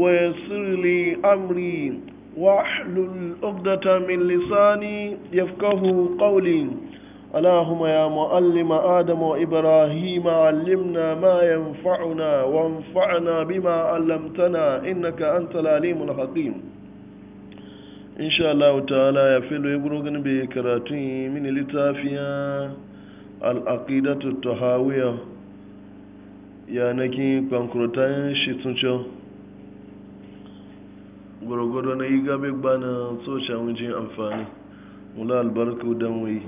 ويسر لي أمري واحلل عقدة من لساني يفقه قولي اللهم يا معلم آدم وإبراهيم علمنا ما ينفعنا وانفعنا بما علمتنا إنك أنت العليم الحكيم إن شاء الله تعالى يفعل يبرغن بكراتي من لتافيا العقيدة التهاوية يعني كي كونكروتان شيتونشو gwargwado na yi gabe gbana tsoca wajen amfani mula albarka don wai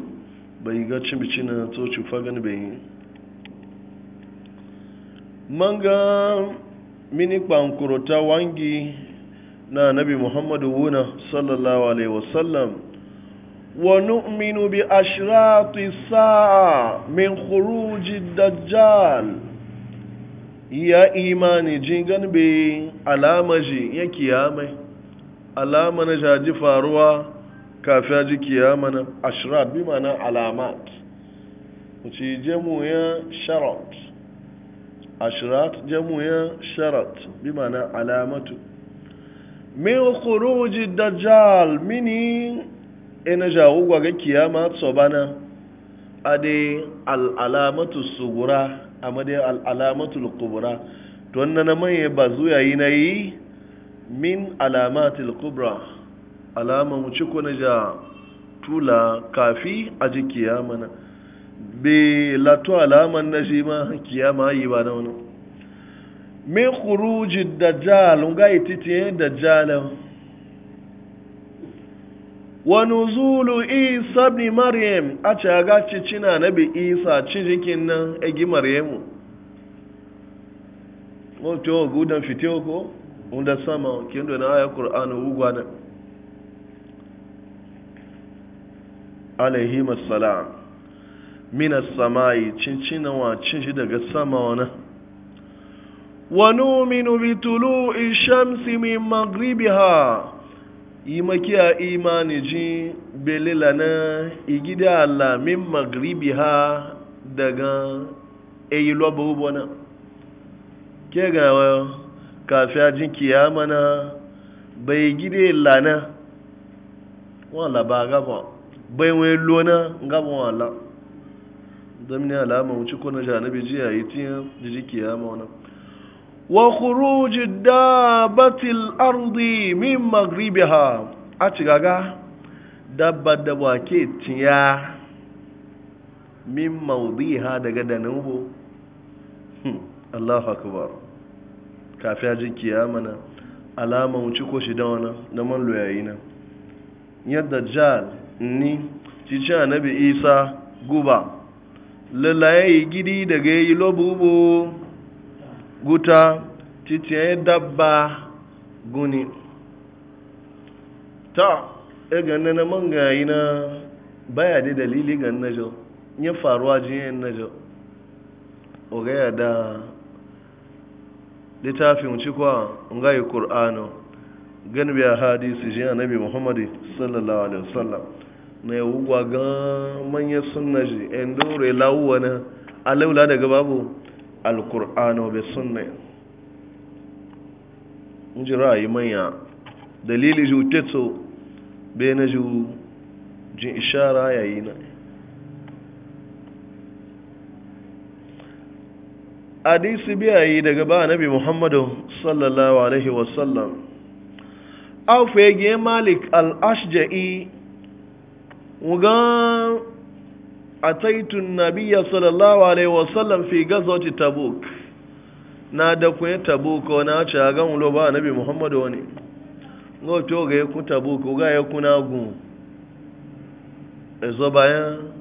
bai ga bici na tsoci fagan bai yi manga mini kwankurota wangi na nabi muhammadu wuna sallallahu alaihi wasallam nu'minu bi الساعة sa'a min khuruji dajjal ya imani jin ganbe alamaji ya kiyamai. alama na shaji faruwa kafin ya ji kiyama na ashirat bi mana alamat wuce jemu ya sharat ashirat jemu ya sharat bi mana alamatu min khuruji dajjal mini ina jawo gwaga kiyama bana a dai al'alamatu sugura a madai al'alamatu lukubura to wannan na manye ba zuwa yi na yi min alamatil kubra alaman wuce kone ja tula kafi a ji kiyama na be alaman na shi ma kiyama yi ba na wani min kuruji dajjal ga ititiye dajjal wani zulu isa ibn maryam a ci aga cicina na bi isa cikin nan egi maryamu wato gudan fitiyo ko wanda sama kendo na aya qur'ani ugwa na alaihi "mina minas samai cincina wa cin shi daga sama wana wa nu'minu bi tulu'i shamsi min maghribiha imakiya imani ji belila na igida Allah min maghribiha daga eyi lobo bona ke ga wayo kafin jin kiyama na bai gide lana wala ba gaba bai wani lona gaba wala don ni alama wuce ko na janabi jiya yi tiyan jiji kiyama wani wa da batil ardi min ha a gaga dabba da wake tiya min ha daga danubu Allahu akbar kafin ji kiyama na alama wuce ko shi dawa na man loyayi na yadda jihar ni cici annabi isa guba lalaye gidi daga yi lobubo guta yi dabba guni ta e ganna na man gayi na baya da dalili ganna jau ya faruwa jiyan na jo. o gaya da littafin cikwa ngai qur'ano gan biya hadisi jin annabi Muhammadu sallallahu alaihi wasallam na yawuwa ga manyan sunna ji en dore lawuwa na alaula daga babu alqur'ano bi sunna inji ra'ayi manya dalili ju tetso bai na ju jin ishara yayi na hadisi biyayi daga ba nabi muhammadu sallallahu alaihi wasallam aufege malik al-ashja'i wugan ataitun nabiya sallallahu alaihi wasallam fi gazoti tabuk na da kuwa tabuk wani a ce a gan ulo ba nabi muhammadu wani goto ga ku tabuk ga ya kuna gun ezo bayan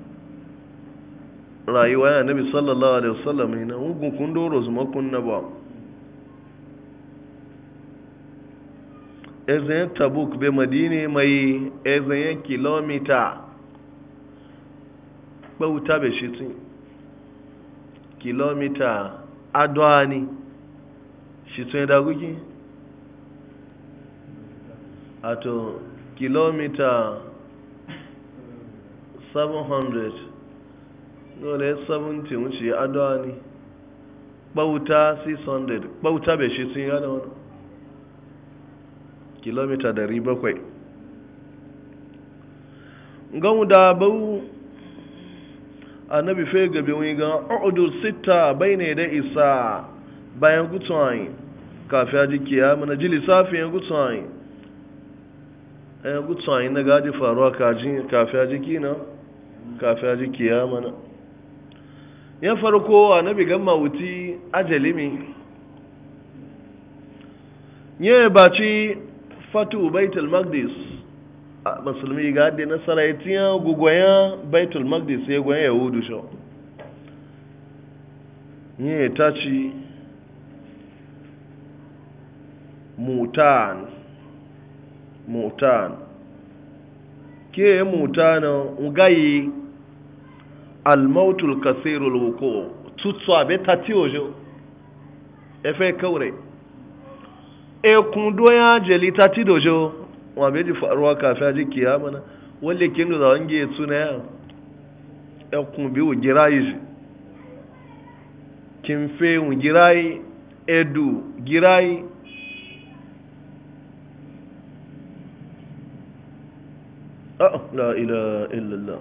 rayuwa ya nabi sallallahu alaihi wasallam ina na kun doro zuma kun na ba ezen tabuk be madini mai ezen kilomita bauta be shi tun kilomita adwani shi tun da guki ato kilomita 700 dole 70 wuce ya adawa ne bauta 600 bauta bai shi sun yi da wani kilomita 700 gamu da bau annabi fai gabe wani gan udu sita bai ne da isa bayan gutsuwayi kafi aji kiyama na ji lissafi yan gutsuwayi yan gutsuwayi na gaji faruwa kafi aji kina kafi aji kiyama na ya farko annabi gamma wuti ajalimi ya baci fatu baitul A musulmi ga da nasara ya tiya gugoya baitul maqdis ya goya yahudu sho ya taci mutan mutan ke mutana ugayi almautul kasirul wuko tutu abe tati ojo efe kaure ekun doya jeli tati dojo wa be ji faruwa kafi aji kiyama na wale kin da wange tuna ya ekun bi ugirayi kin fe ugirayi edu girayi ah la ilaha illallah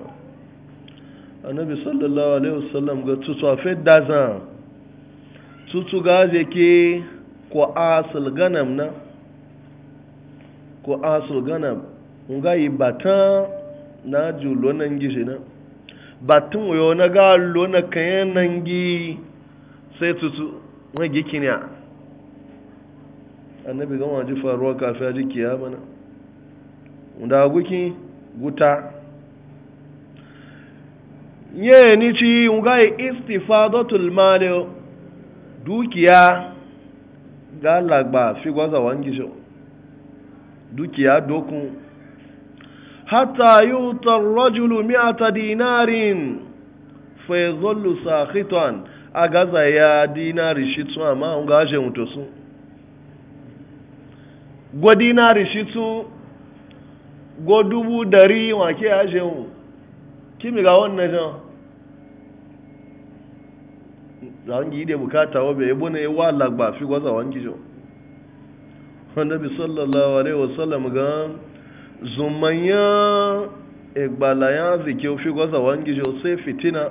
annabi sallallahu alaihi wasallam ga tutu a daza tutu ga zai ke ko asul ganam na ko asul ganam nga yi batan na ju lonan gishi na batun wayo na ga lona kayan nan gi sai tutu wani gikin ya annabi ma ji faruwa kafin ya ji kiyama na da guki guta ye ni ci ngai istifadatul mali dukiya ga lagba fi gwaza wangi so dukiya dokun hatta yuta ar-rajulu mi'ata dinarin fa yadhullu sakhitan agaza ya dinari shi amma un ga je mutu sun go dinari shi tun go dubu dari wa ke ya je mu kimi ga wannan jan zawangi da bukata wa bai yabo na ya wa lagba fi gwaza wangi jo wanda bi sallallahu alaihi wasallam ga zumanya igbala ya zike fi gwaza wangi jo sai fitina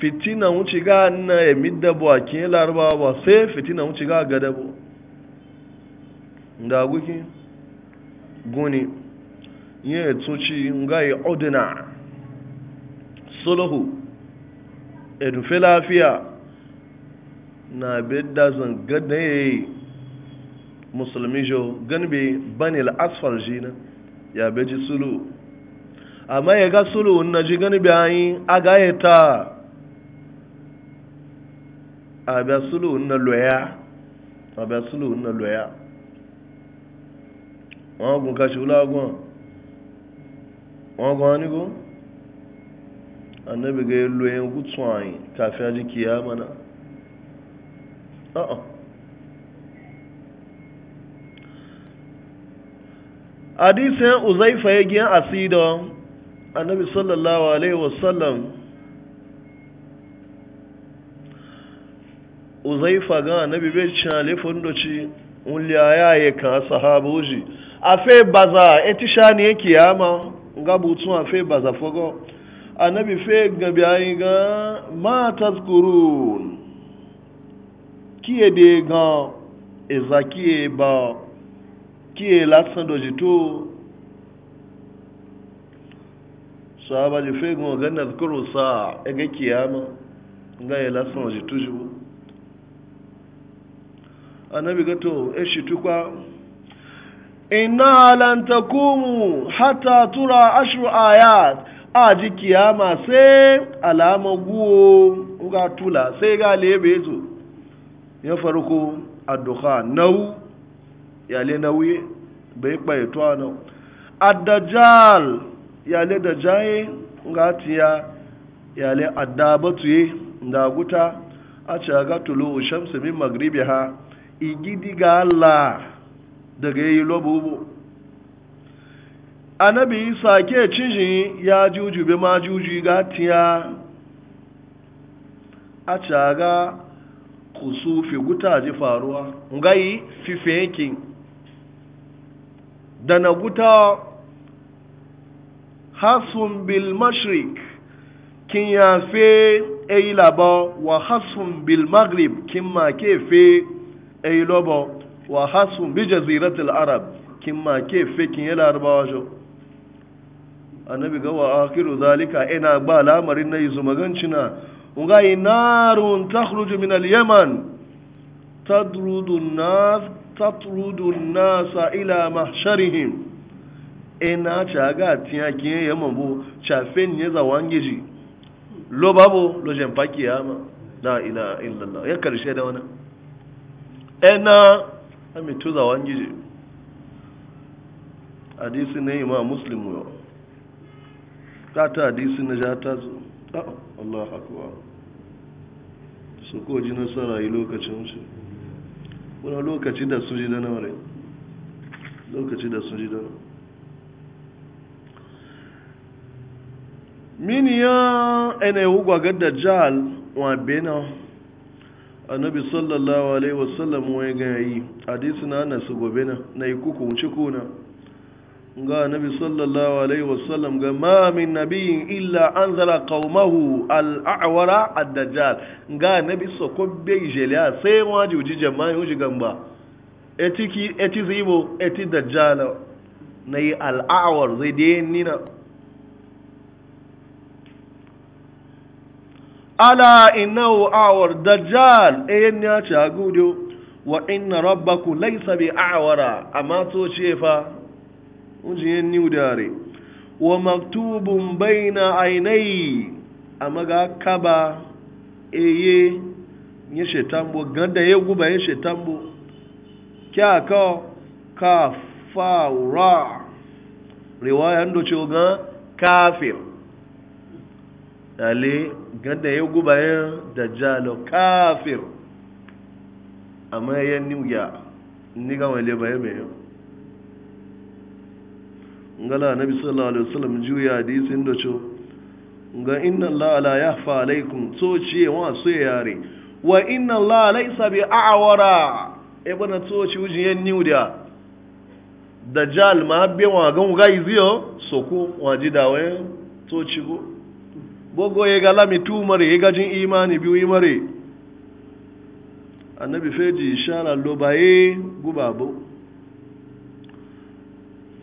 fitina wuce ga na ya midda bu a kin ba sai fitina wuce ga gada bu da guki guni yin tuci ga yi odina sulhu edufe lafiya na bedda zan gada ya yi musulmi jo ganbe banil asfar shi na ya beji sulu amma ya ga sulu na ji ganbe ayi aga ya ta abia sulu na loya abia sulu na loya wọn gun kashi wula gun wọn gun wani gun annabi ga yin loyin gutsun kafin aji kiyama na a'a hadisin uzaifa ya giyan asida annabi sallallahu alaihi wasallam uzaifa ga annabi bai cin alifin doci wuliya ya kan sahabuji a fai baza sha ni ya kiyama ga butun a fai baza fago annabi fe ga biyayi ga ma tazkurun kiye de ga eza kiye ba kiye latsan doji to sahaba ji fe ga ga nazkuru sa e ga kiyama ga yi latsan doji to ji annabi ga to e shi tukwa inna lan takumu hatta tura ashru ayat a ji kiyama sai alama guwo ga tula sai ga lebe zo ya farko adduha nau yale nauyi bai kpaito na addajal yale da jaye ga tiya yale addabatuye da guta a ci ga tulu shamsu min magribi ha igidi ga Allah daga yi lobo anabi sake cinji ya juju be ma juju ga tiya a caga kusufi guta ji faruwa ngai fife da na guta hasun bil mashrik kin ya fe eyi labo wa hasun bil maghrib kin ma ke fe eyi lobo wa hasun bi jaziratul arab kin ma ke fe kin yi larabawa shi. annabi ga wa akiru zalika ina ba lamarin na yizu magancina unga yi narun takhruju min al-yaman tadrudu nas tatrudu nas ila mahsharihim ina chaga tiya kiye yaman bo chafen ne za wangeji lo babo lo jen ya ma la ila illallah ya karshe da wannan ina ami tuza wangeji hadisi ne imam muslim yau ta ta hadisi na jata ta zo ah, Allah akbar su ko ji nasara yi lokacin su wani lokaci da su ji da nawarai lokaci da su ji da mini ya ene wugwa ga dajjal wa bena annabi sallallahu alaihi wasallam wai ga yi hadisi na nasu gobe na na yi kuku wuce kuna ga nabi sallallahu alaihi wasallam ga ma min nabiyin illa an zara kaumahu al'awara addajal ga nabi soko bai jeliya sai waje uji jama'i uji gamba etiki eti zibo eti dajjala na yi al'awar zai dai nina ala innahu awar dajjal eyan ya ci a wa inna rabbaku laisa bi awara amma to ce fa ujiyen niu dare wa maktubun baina ainihi a maga kaba eye nye shetambo ganda ye guba ye shetambo kya ka ka faura riwaya ndo choga kafir ale ganda ye guba ye dajjalo kafir amma ye niu ya ni ga wale baye baye ngala nabi sallallahu alaihi wasallam juya hadisin sun cho ga inna allaha la yahfa alaikum so ciye wa so yare wa inna allaha laysa bi a'wara e bana so ci wujin yan niuda jal ma be wa ga ga so ku wa ji dawe so ci go bogo ye ga lami tumare ya ga jin imani biyu imare annabi feji ishara lobaye gubabu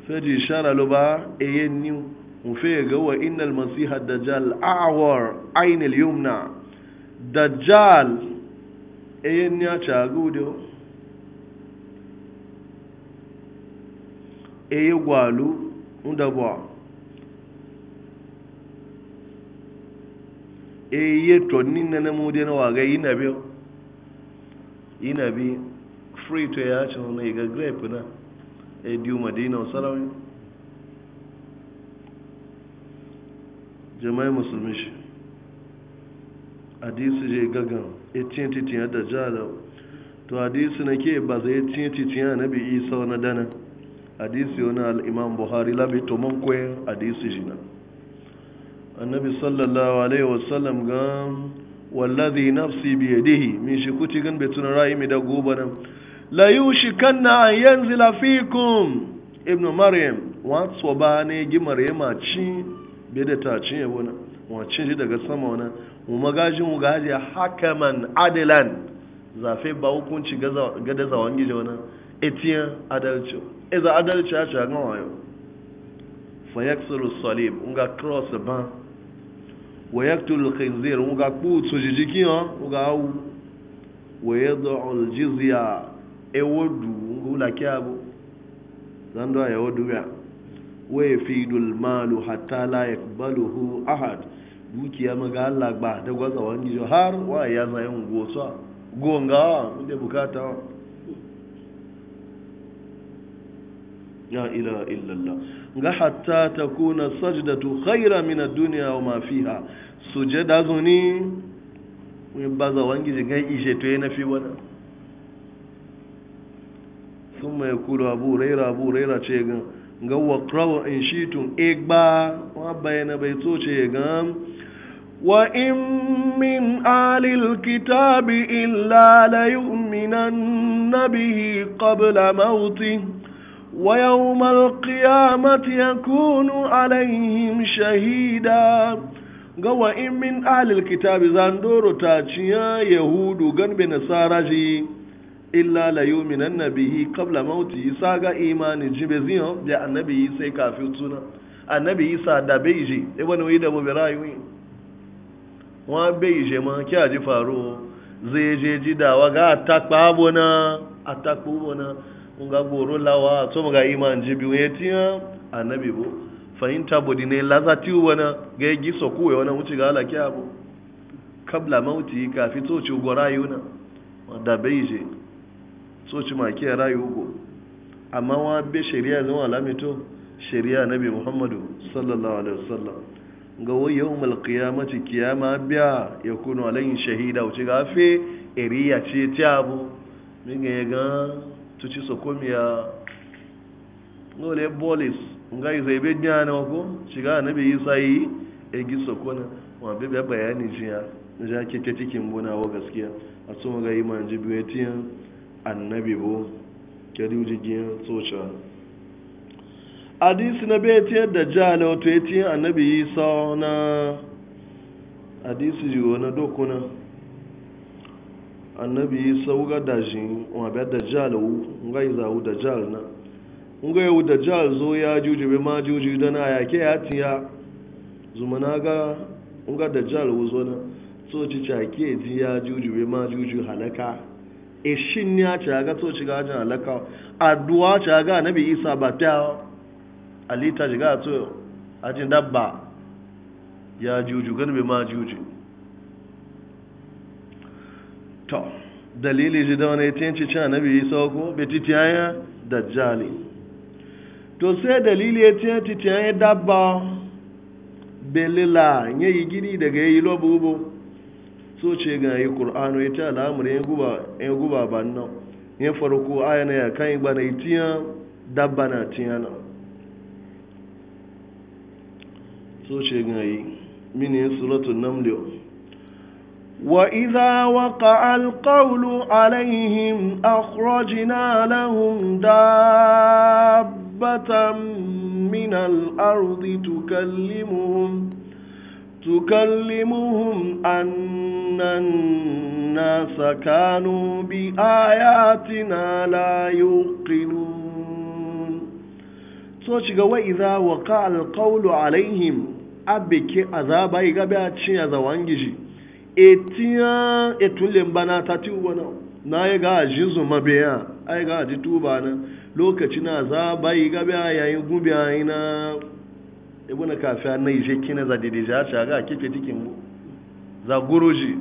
fẹ́jì shara ló bá ẹyẹ e ní mu fe ga wa innal masiha dajjal a'war ainil yumna dajjal ẹyẹ e ní a cha gudo eye gwalu ndabwa eye tonni nana mu de na wa ga yinabi yinabi free to ya cha na ga grape na ediyu madina sarawai jama'i musulmi shi hadisi je gagan etin titiya da jala to hadisi na ke ba zai etin titiya na bi isa na dana hadisi wani al'imam buhari labi to man kwaye hadisi shi na annabi sallallahu alaihi wasallam ga wallazi nafsi biyadihi min shi kuti gan betun ra'ayi mai da gobanan la yushikanna an yanzila fikum ibn maryam wa tsoba ne gi maryama ci be da ta ci yabo na wa ci daga sama wana mu magajin mu gaje hakaman adilan zafe ba hukunci ga da zawan gije wana etiyan adalci Eza adalci ya ci ga wayo fa yaksuru salib unga cross ba wa yaqtul khinzir unga kutu jijikin unga au wa yad'u al jizya ewodu ngula kyabo zando ya wodu ya wa yafidul malu hatta la yakbaluhu ahad Buki ya maga Allah ba da gwaza wani jo har wa ya yin gosa gonga inde bukata ila illa Allah ga hatta takuna sajdatu khaira min ad-dunya wa ma fiha sujada zuni ba za wangi ga ishe to yana fi wannan sun mai kuru abu raira abu raira ce gan ga wakrawa in shi tun egba wa bayana bai so ce gan wa in min alil kitabi illa la yu'minan nabihi qabla mauti wa yawmal qiyamati yakunu alaihim shahida ga wa in min alil kitabi zandoro ta ciya yahudu gan be nasara ji illa la yuminan nabihi kabla mauti saga imani jibe ziyo da annabi sai kafi tuna annabi sa da beije e wani wi da bobe yi wa beije ma kya ji faru zai je ji da wa ga atakpa bona atakpa bona nga goro lawa to ga iman jibi we tiya annabi bo fahimta bodi ne lazati wana ga yi so kuwe wana wuce ga halaki abu kabla mauti kafi to ci gora yuna da beije so ci maki ya rayu uku amma wa be shari'a zama alamito shari'a nabi muhammadu sallallahu alaihi wasallam ga wa yawmal qiyamati kiyama biya yakunu alayhi shahida wuce ga fe eriya ce ta abu min ga ga tuci sokomiya ngole bolis yi zai be nyana ko shiga nabi isa yi egi sokona wa be bayani jiya ja ke cikin bona wa gaskiya a tsoma ga iman jibiyatin annabi bu kedi jigin tsoca hadisi na bai tiyar da jihar wato ya e tiyar annabi isa na hadisi jiwo na dokuna annabi isa wuga da shi wa bai da jihar wu nga yi zawu da jihar na nga yi e da jihar zo ya jujube ma juju da na yake ya tiya zuma na ga nga da jihar na so ci cake ji ya jujube ma juju halaka ishin ya ce ga to shiga ajin alaka addu'a ce ga nabi isa ba ta alita shiga to ajin dabba ya juju bai ma juju to dalili ji da wani tinci cin nabi isa ko da jali to sai dalili ya ce titiyaya dabba belila ya yi gini daga ya yi lobo so ce ga yi ƙur'anu ya alamu al'amuri ya guba ba nan ya farko aya na ya kan yi gbana itiya dabba na tiya na so ce ga yi mini suratun namliyo wa iza waka alkaulu alaihim akhrajna lahum dabbatan min al'arzi tukallimuhum kallimuhun تكلمهم أن الناس كانوا بآياتنا لا يوقنون سوچ وإذا وقع القول عليهم أبك أذابا يغبا تشي أذوانجي etiya etulin bana ta tiwona na ya ga jizu mabiya ai ga ji tuba na lokaci na za bai gabe yayin gubiya ina ibuna kafiya na ije kina za dede ja ta ga kife tikin mu za guruji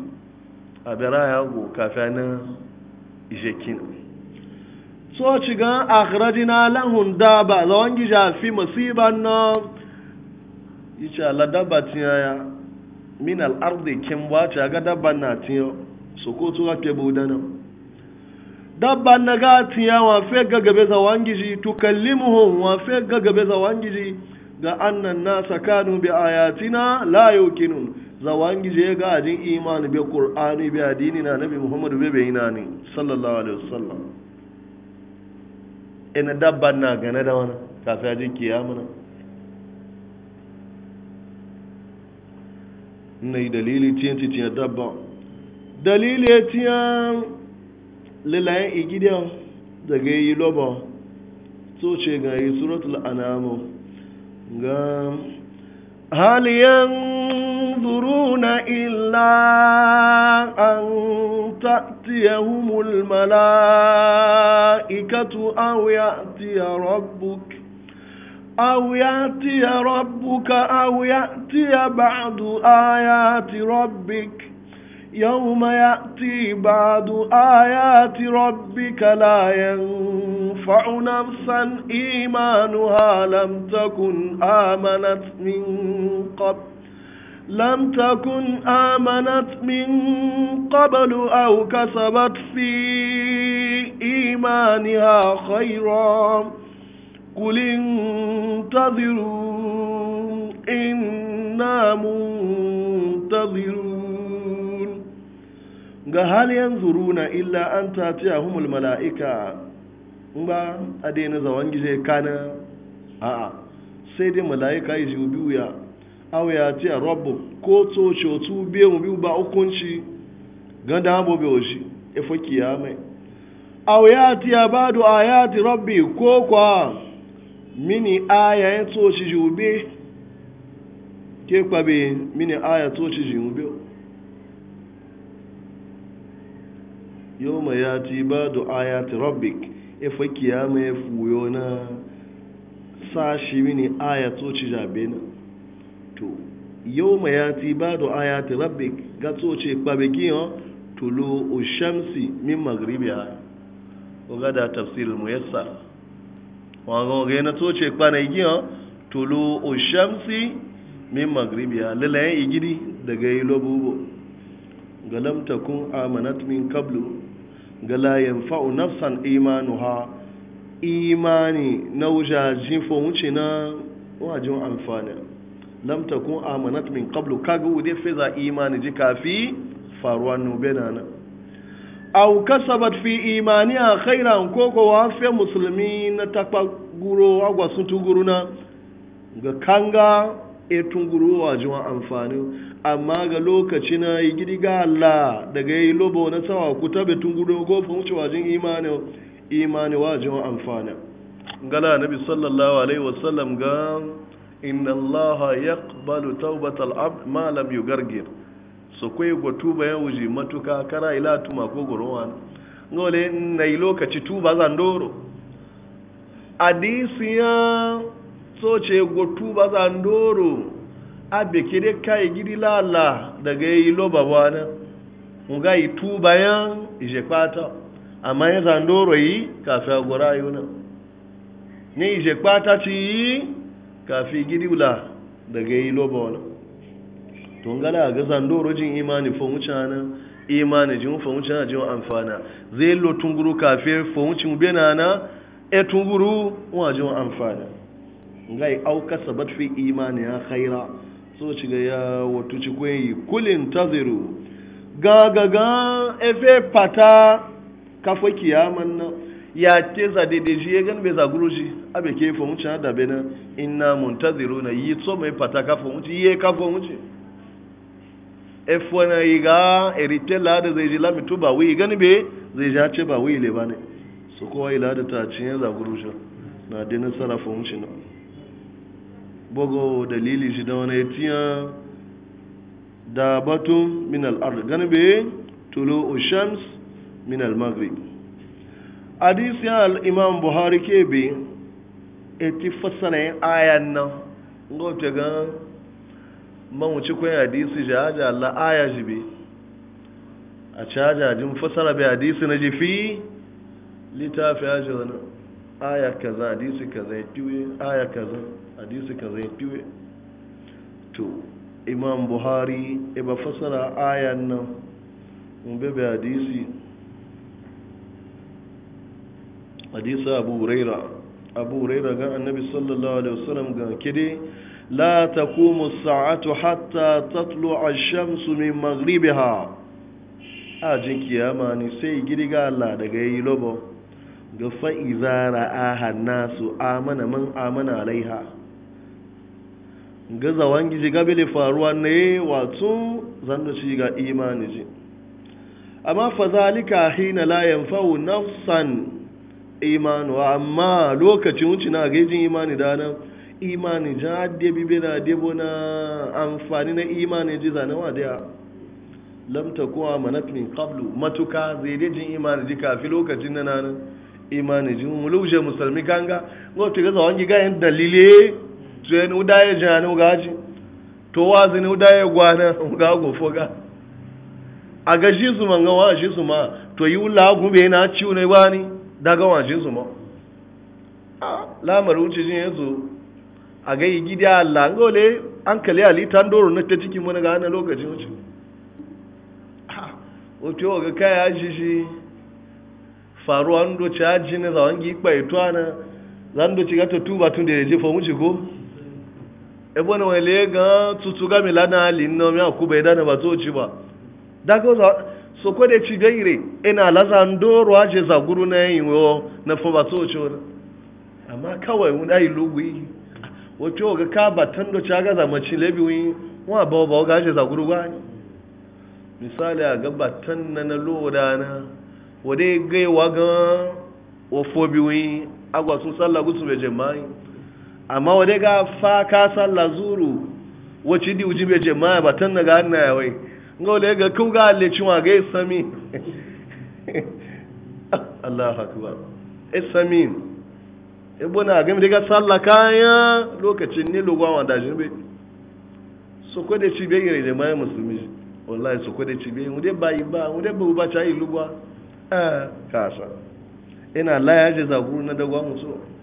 a bera ya go kafiya na ije kina so ci ga akhrajina lahum daba za wangi ja fi musiban na icha la daba tiyaya min al ardi kin ba ta ga daba na tiyo so ko to ga ke budana dabba na gatiya wa fe gagabe za wangiji tukallimuhum wa fe gagabe za ji Da annan nasa kanu bi ayatina la yuqinun zawangi je ga ajin imani bi qur'ani bi adini na nabi muhammad be be ni sallallahu alaihi wasallam ina dabba na gane da wani kafin ajin kiyama na na dalili tiyan tiyan dabba dalili tiyan lilayen igidiyan daga yi lobo so ce ga yi suratul anamu هل ينظرون إلا أن تأتيهم الملائكة أو يأتي ربك أو يأتي ربك أو يأتي بعض آيات ربك يوم يأتي بعد آيات ربك لا ينفع نفسا إيمانها لم تكن آمنت من قبل لم تكن آمنت من قبل أو كسبت في إيمانها خيرا قل انتظروا إنا منتظرون ga zuru na illa an tatiyahumul mala'ika ba a daina zawon gije kana a sai dai mala'ika yi ji biyu ya aw ya ti rabu ko to shotu biyu biyu ba hukunci ga da bo be oshi e fo kiyame aw ya ti abadu ayati rabbi ko kwa mini aya ya to shi jube ke kwabe mini aya to shi jube yau mai ya ci ba du'aya ta rabbik ifa e kiyama ya e fuyo na sashi mini aya to ci jabe na to yau mai ya ci ba du'aya ta rabbik ga to ce kpabe kiyan tulu ushamsi min magribi aya ga da tafsir muyassar wa ga ga na to ce kpana igiyan tulu ushamsi min magribi aya lalayen igidi daga yi lobo. ga lam kun amanat min kablu, ga la yanfa'u nafsan imanuha imani na wujajin fo wuce na wajen amfani lam kun amanat min kablu, kaga ude fiza imani ji kafi faruwa nube na au kasabat fi a khairan koko wa fe musulmi na takpa guro agwa sun tuguruna ga kanga e tunguru wa jiwa amfani amma ga lokaci na yi gidi ga Allah daga yi lobo na tsawa ku tabe tunguru gofa wuce wajin imani imani wa jiwa amfani gala nabi sallallahu alaihi wasallam ga inna Allah yaqbalu tawbata al-abd ma lam yugargir so kai go tuba ya wuji matuka kara ila tuma ko gorowa ngole nai lokaci tuba zandoro doro. ya so ce gotu ba za ndoro a bekire kai gidi lala daga yi loba bana nga yi tu bayan ije kwata amma yi za ndoro yi kafi yi yuna ne ije kwata ci yi kafi gidi wula daga yi loba wani to ga za ndoro jin imani fa mutanen imani jin fa mutanen jin amfana zai lo tunguru kafi fa mutanen bena na e tunguru wa jin amfana ngai auka sabat fi imani ya khaira so ci ga ya wato ci kwayi kulin taziru ga ga ga efe pata kafa kiyaman nan ya ke za daidai shi ya gan za guruji abe ke fa mucin da bai na ina muntaziru na yi so mai e pata kafa mucin yi e kafa mucin efo na yi ga erite lada zai ji lamitu ba wuyi gani be zai ji hace ba wuyi le ba ne su kowa yi lada ta cinye za guruji na dinin sarrafa mucin na Bogo dalili shi da wani tiya da batun min al'ar ganibe tulo ushams min al hadisi al-imam buhari ke bi eti fasanayin ayan nan ga ta ga mawuci kwan hadisi jaja Allah aya bi. a caja jin fasara bai hadisi na ji fi, littafi ya ji wani aya kaza hadisi kaza ya aya kaza hadisi ka zai fiye to imam buhari iba e fasara ayan nan bebe hadisi hadisi abu raira abu raira ga annabi sallallahu alaihi wasallam ga kide la ta as-sa'atu hatta tatlu'a a shamsu ha a ajin kiyama ne sai girga Allah daga yi lobo ga fa idza ra'aha nasu amana man amana alaiha gaza wangi ji gabele faruwa ne wato zanda shi ga imani ji amma fazalika hina la yanfa'u nafsan imanu amma lokacin wuce na gajin imani da nan imani ja de bibe na debo na amfani na imani ji zane wa daya lam takuwa manat min qablu matuka zai dajin imani ji kafi lokacin na nan imani ji mu musulmi ganga, ga wata gaza wangi ga yin dalilai zuye ni udaye jani ugaji to wazi ni udaye gwana uga gofo ga a ga shi su manga wa shi su ma to yi wula gube na ciwo ne wani daga wa shi ah, su ma lamar wuce jin yanzu a ga yi gidi Allah ngole an kale ali tan doro na ta cikin mana ga na lokacin wuce wato ah, ga kaya shi shi faruwa ndo ci ajin na zawangi ikpa ito na zan do ci gata tuba tun da ya jefa mu ci ko ebe na ga tutu ga mi lana ali no mi akuba idana ba to ci ba daga za so ko de ci gaire ina laza ndoro aje za guru na yin e na fo ba to ci wona amma kawai wun dai lugui wato e e ga ka ba tando ci ga za maci lebi wi wa ba ba ga aje za guru ga misali a ga ba na na loda na wade gaiwa ga wa bi wi agwa sun sallagu su be jama'i amma wadai ga fa ka sallah zuru wacce di uji bai jama'a ba tan daga hannu ya wai ga wadai ga kau ga alle cinwa ga isami Allahu akbar isami ibuna ga mi daga sallah kaya lokacin ne lugwa wanda jinbe so ko da ci bai gare da mai musulmi wallahi so ko da ci bai mu dai bai ba mu dai ba ba ta yi lugwa eh kasa ina la ya je zaguru na dagwa musu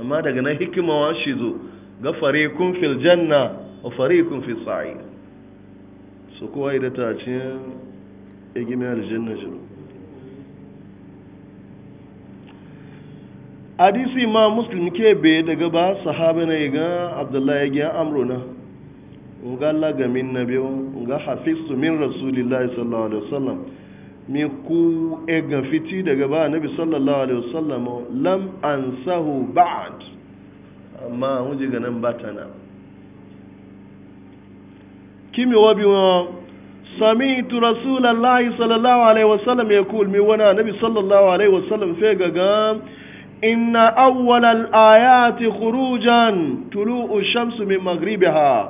amma daga nan hikimawa shi zo ga kun fil janna wa kun fil sa'i so kowa da ta ce egime aljanna shi hadisi ma muslim ke be daga ba sahaba na ga abdullahi ya ga amro na ga Allah ga min nabiyo ga hafistu min rasulillahi sallallahu alaihi wasallam min ku egan fiti daga ba nabi sallallahu alaihi wasallam lam ansahu ba'd amma hun ji ganan batana kimi wabi wa sami'tu rasulullahi sallallahu alaihi wasallam yaqul mi wana nabi sallallahu alaihi wasallam fe gaga inna awwala al-ayati khurujan tulu'u shamsu min maghribiha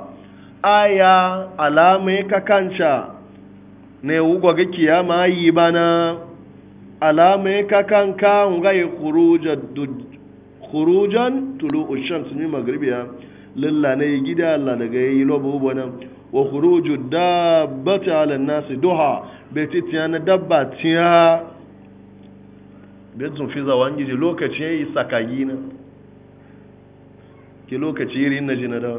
aya alama kakancha ne wugwa ga kiyama yi bana alama ya ka kan nga gai kurujan tulu ushan sun yi magribiya lalla ne gida Allah daga yi lobo bana wa khuruju dabbata ala nasi duha beti na dabba tiya bezun fi zawan gije lokaci yayi sakagina ke lokaci irin na jina da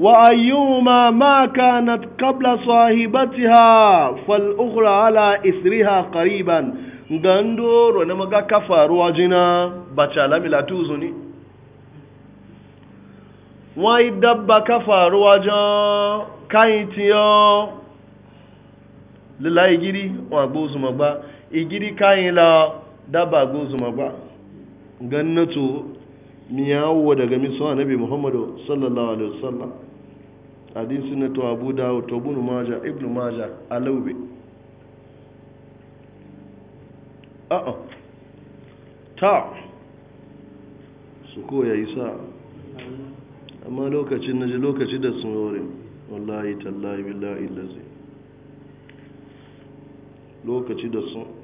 wa ayyuma ma maka na kabla su a yi bati a hula halarci a kariban gan dole ne kaka faruwar jina bacci alhamis latus ne wani dabba wa guduma ba gidi kan yi da ba guduma ba gan natso miya wadaga muhammadu sallallahu alaihi wa hadin suna to abu dawud to bunu maja ibn maja a a a ta su koya ya yi sa amma lokacin na ji lokaci da sun rorin wallahi tallahi billahi lazi lokaci da sun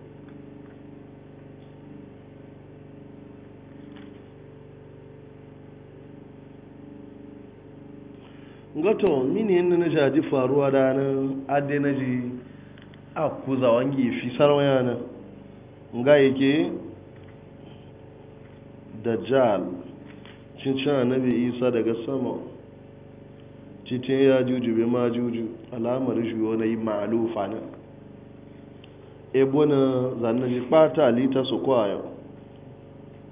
goto mini yadda na shaji faruwa da nan ade na ji a kuza wangi fi sarwaya nan ga yake dajjal cincin annabi isa daga sama cincin ya juju bai ma juju alamar shi wani yi ma'alufa nan ebo na zanen ji kpata alita su kwayo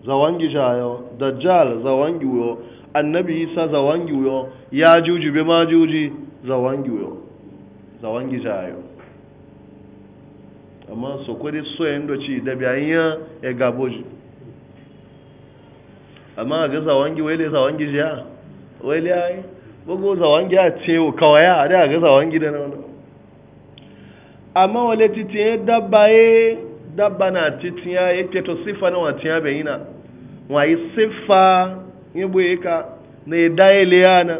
zawangi shayo dajjal zawangi wuyo annabi isa zawangi yo ya juji be ma juji zawangi yo zawangi jayo amma so kwari so yin ci da bayanya ya e ji amma ga zawangi wele zawangi jiya wele ai bugu zawangi a ce kawaya da ga zawangi da nan amma wale titiye dabba ye dabba na titiya yake e to sifa na watiya bayina yi sifa ya boye ka na ya daye liyana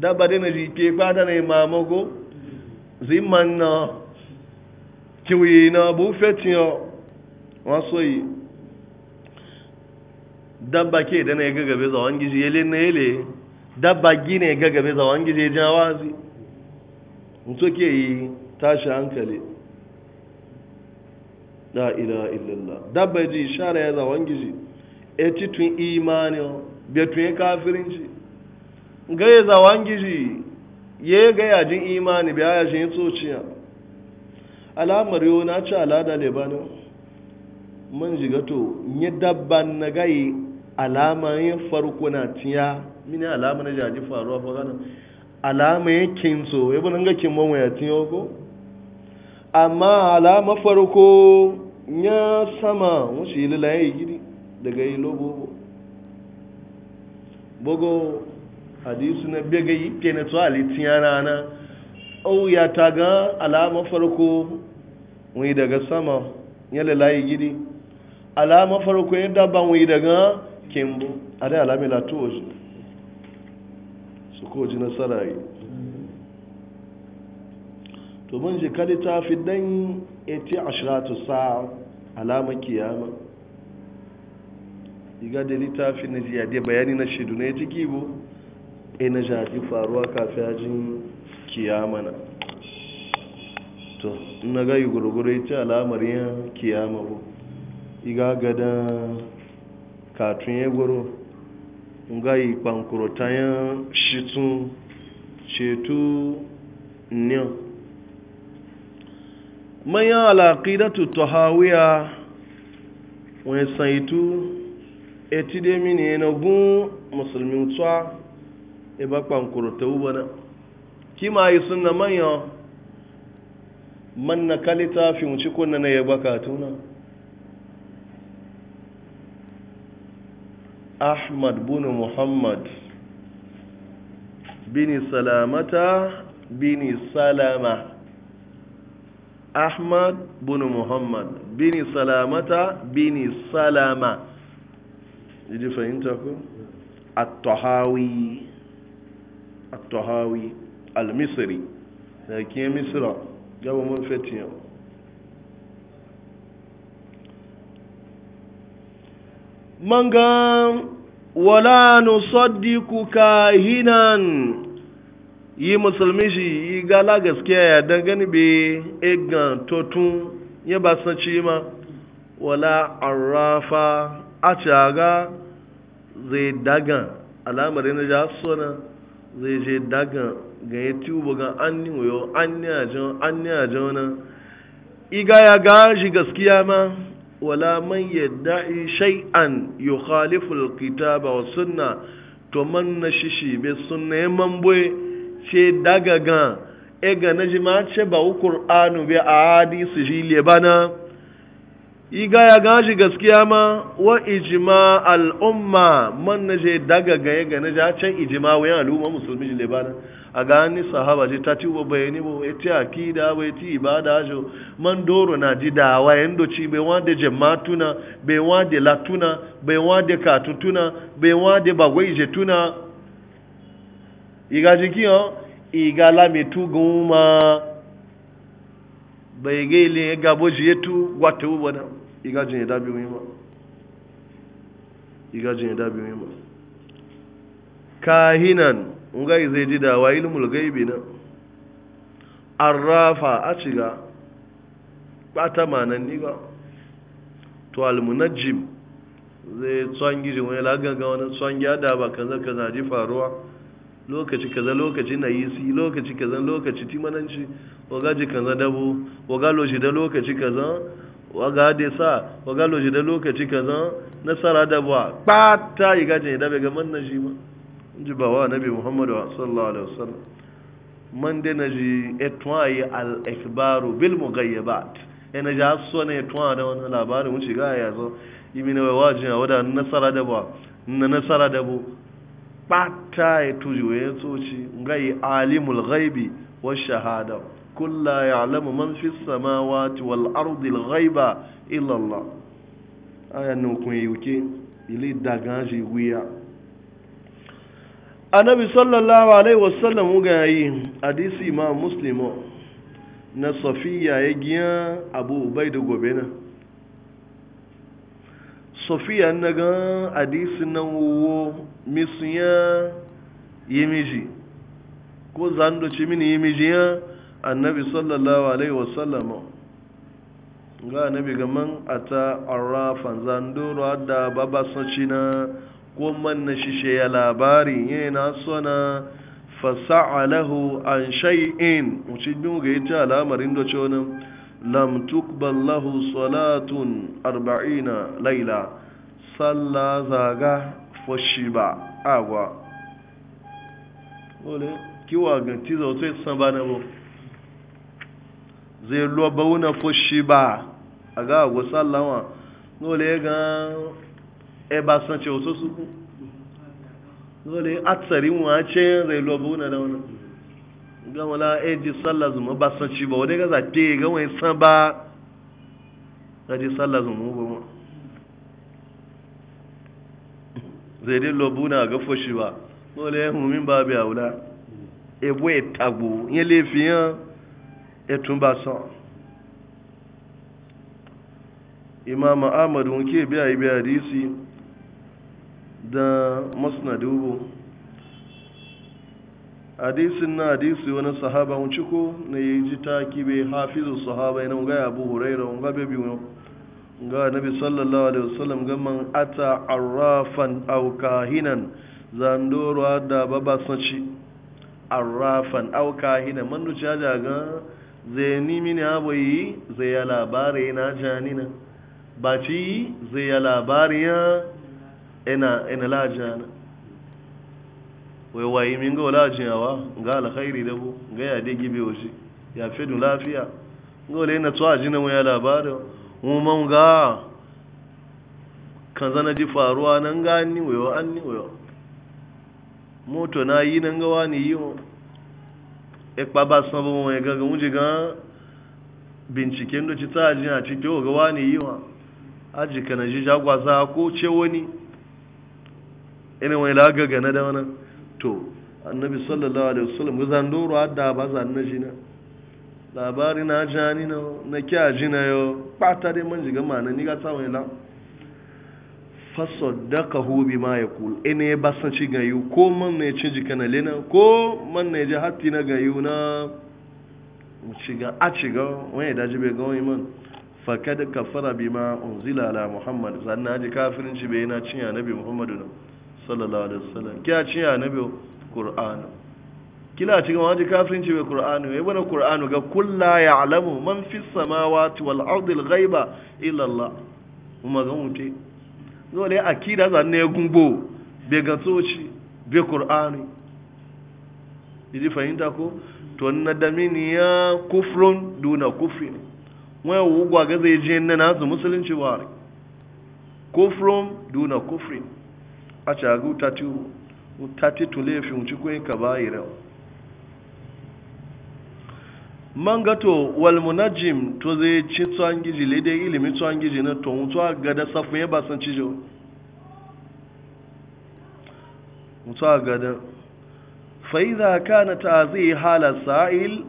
na da na jike kwata na imamago zimman na kiwi na bufetin yau so yi dabba ke da na ya gagabe zawon gizi yale na yale dabba gina ya gagabe zawon gizi ya jawazi mutu ke yi tashi hankali la ila illallah dabba ji shara ya zawon gizi eti tun imani be tun kafirinci ga ya zawangiji ye ga yajin imani ya yajin tsociya alamar yau na ci alada lebanon man jiga to nye dabban na gai alama ya farko na tiya mini alama na jaji faruwa fa gana alama ya kinso ya bunan ga kin mawa ya tiya ko amma alama farko ya sama wuce lila ya yi gidi daga yi lobo bogo hadisu na bega yi ke na tso rana au ya taga ga alama farko wani daga sama ya lalaye gidi alama farko ya daba wani daga kimbo a dai alami latuwa su koji ji nasara to mun je ta fi dan 80 ashiratu sa'a alama kiyama iga da littafin na jiya bayani na shidu na ji gibo e na jadi faruwa kafin yajin kiyama na to na ga yi gurguru ya ce alamar yin kiyama bu iga gada katun ya guru nga yi kpankurota ya shitun ceto niyan manyan alaƙidatu tahawiya wani san itu eti dai mini na gun musulmin tsuwa e ba kwankuru ta uba na kima yi suna manya man na kalita fi wuce kunna na ya ba, katuna. ahmad bin muhammad bin salamata bin salama ahmad bin muhammad bin salamata bin salama ji fahimta ko at-tahawi at-tahawi al-misri da ke misra gaba mun fetiya manga wala saddiku kahinan yi musulmi shi yi gala gaskiya ya dangane be egan totun ya ba san ma wala arrafa a caga zai dagan alamar yana ja suna zai je dagan ga ya ga an yi ni a jan an ni a jan iga ya ga gaskiya ma wala man yi shay'an yukhalifu ba wa sunna to man na shishi bai suna ya boye ce daga ga e na ga najima ce ba qur'anu be a hadisi jile bana iga ya gaji gaskiya ma wa ijima al'umma man na je daga gaye ga na ja can ijima wa yan al'umma musulmi ne ba a ga ni sahaba ji ta ci bayani ba ya ci akida ba ya ci ibada ajo man doro na ji da wa yan do ci bai wade jama'atuna bai wade latuna bai wade katutuna bai wade bagwai je tuna iga jikin iga lamitu goma bai ga ile ya gabo ji yetu wata uba na igajin ya dabi mima igajin ya dabi mima kahinan ngai zai ji dawa ilmul gaibi na arrafa a ciga bata manan ni ba to almunajjim zai tsangi wani lagaga wani tsangi da ba kaza kaza ji faruwa lokaci kaza lokaci na yi si lokaci kaza lokaci timananci waga ji kaza dabo waga loji da lokaci kaza waga de sa waga loji da lokaci kaza nasara da ba pata yi gaje da bai ga man na ji ma ji ba wa nabi muhammadu sallallahu alaihi wasallam man de na ji etwa al ikbaru bil mughayyabat ina e ja so ne etwa da wannan labarin mun shiga ya zo yi mina wajin a wada nasara da ba na nasara da bu bata ya tujiwa ya tsoci gai alimul ghaibi wa shahada kulla ya man fi samawati wal ardil ghaiba illallah aya nan kun yuke ile daga ji wiya annabi sallallahu alaihi wasallam ga yi hadisi ma muslimu na safiya ya giya abu ubaida gobe na safiya na ga hadisin nan wo misiya yimiji ko zando ci mini yimiji ya annabi sallallahu alaihi wasallam ga annabi gaman ata arrafan zando da baba na ko man shishe ya labari yana sona fasa'alahu an shay'in uci bin ga ita al'amarin da cewa lam tuqbal salatun arba'ina laila salla zaga foshi ba agwa wale kiwa ganti za san ba na zai ba a ga e ba san mu a zai wala e ji sallah zuma ba san ba wade ga za te ga wani e san ba ga ji sallah zuma ba zai dai lobuna ga fashi ba dole ya mumin ba biya wula ebo ya e tagbo ya laifiyan ya e tun ba son biya yi hadisi da masnadu hadisin na hadisi wani sahaba wunciko na yi ta kibe hafizu sahaba yana ga abu huraira wunga bebi wani ga nabi sallallahu alaihi wasallam ga man ata arrafan aw kahinan zandoro da baba sanci arrafan aw kahinan man duci ja ga zai ni mini aboyi zai ya labari na janina ba ci zai ya labari ya ina ina la jana wai wai min ga wala jinawa ga alkhairi da bu ga ya de gibe wasi ya fedu lafiya ngole na tsawa na mu ya labarin mun ga kan zana ji faruwa nan ga ni wayo an ni wayo moto na yi nan ga wani yi o ipa ba san ba mun ga mun ji ga binciken da ci ta ji na cikin ga wani yi wa aji kana ji za ko ce wani ina wani ga na da wani to annabi sallallahu alaihi wasallam ga zan doro hadda ba zan na shi na labari na jani na na kya jina yo pata dai man jiga mana ni ga tsawon ma ya bima ina ya basan ci ga ko man ya ci jika na lena ko man ya ji hati na ga yu na ci ga a ci ga wani da jibe ga wani man fakad kafara bima unzila ala muhammad zanna ji kafirin ci bai na bi annabi muhammadu sallallahu alaihi wasallam kya cin annabi qur'anu kila cikin waje kafirinci mai qur'ani mai bana qur'ani ga kulla ya'lamu man fi samawati wal ardi al ghaiba illa allah kuma ga mutu dole akida zanne gumbo be ga tsoci be qur'ani idi fahimta ko to na damini ya kufrun duna kufrin wai wugwa ga zai je nan nasu musulunci wa kufrun duna kufrin a cagu tatu tatu mu cikin kaba'irar mangato gato wal munajim to zai ci tsohon giji lede ilimin tsohon giji na to mutu gada safin ya basan cijo mutu gada da fa idza kana zai hala sa'il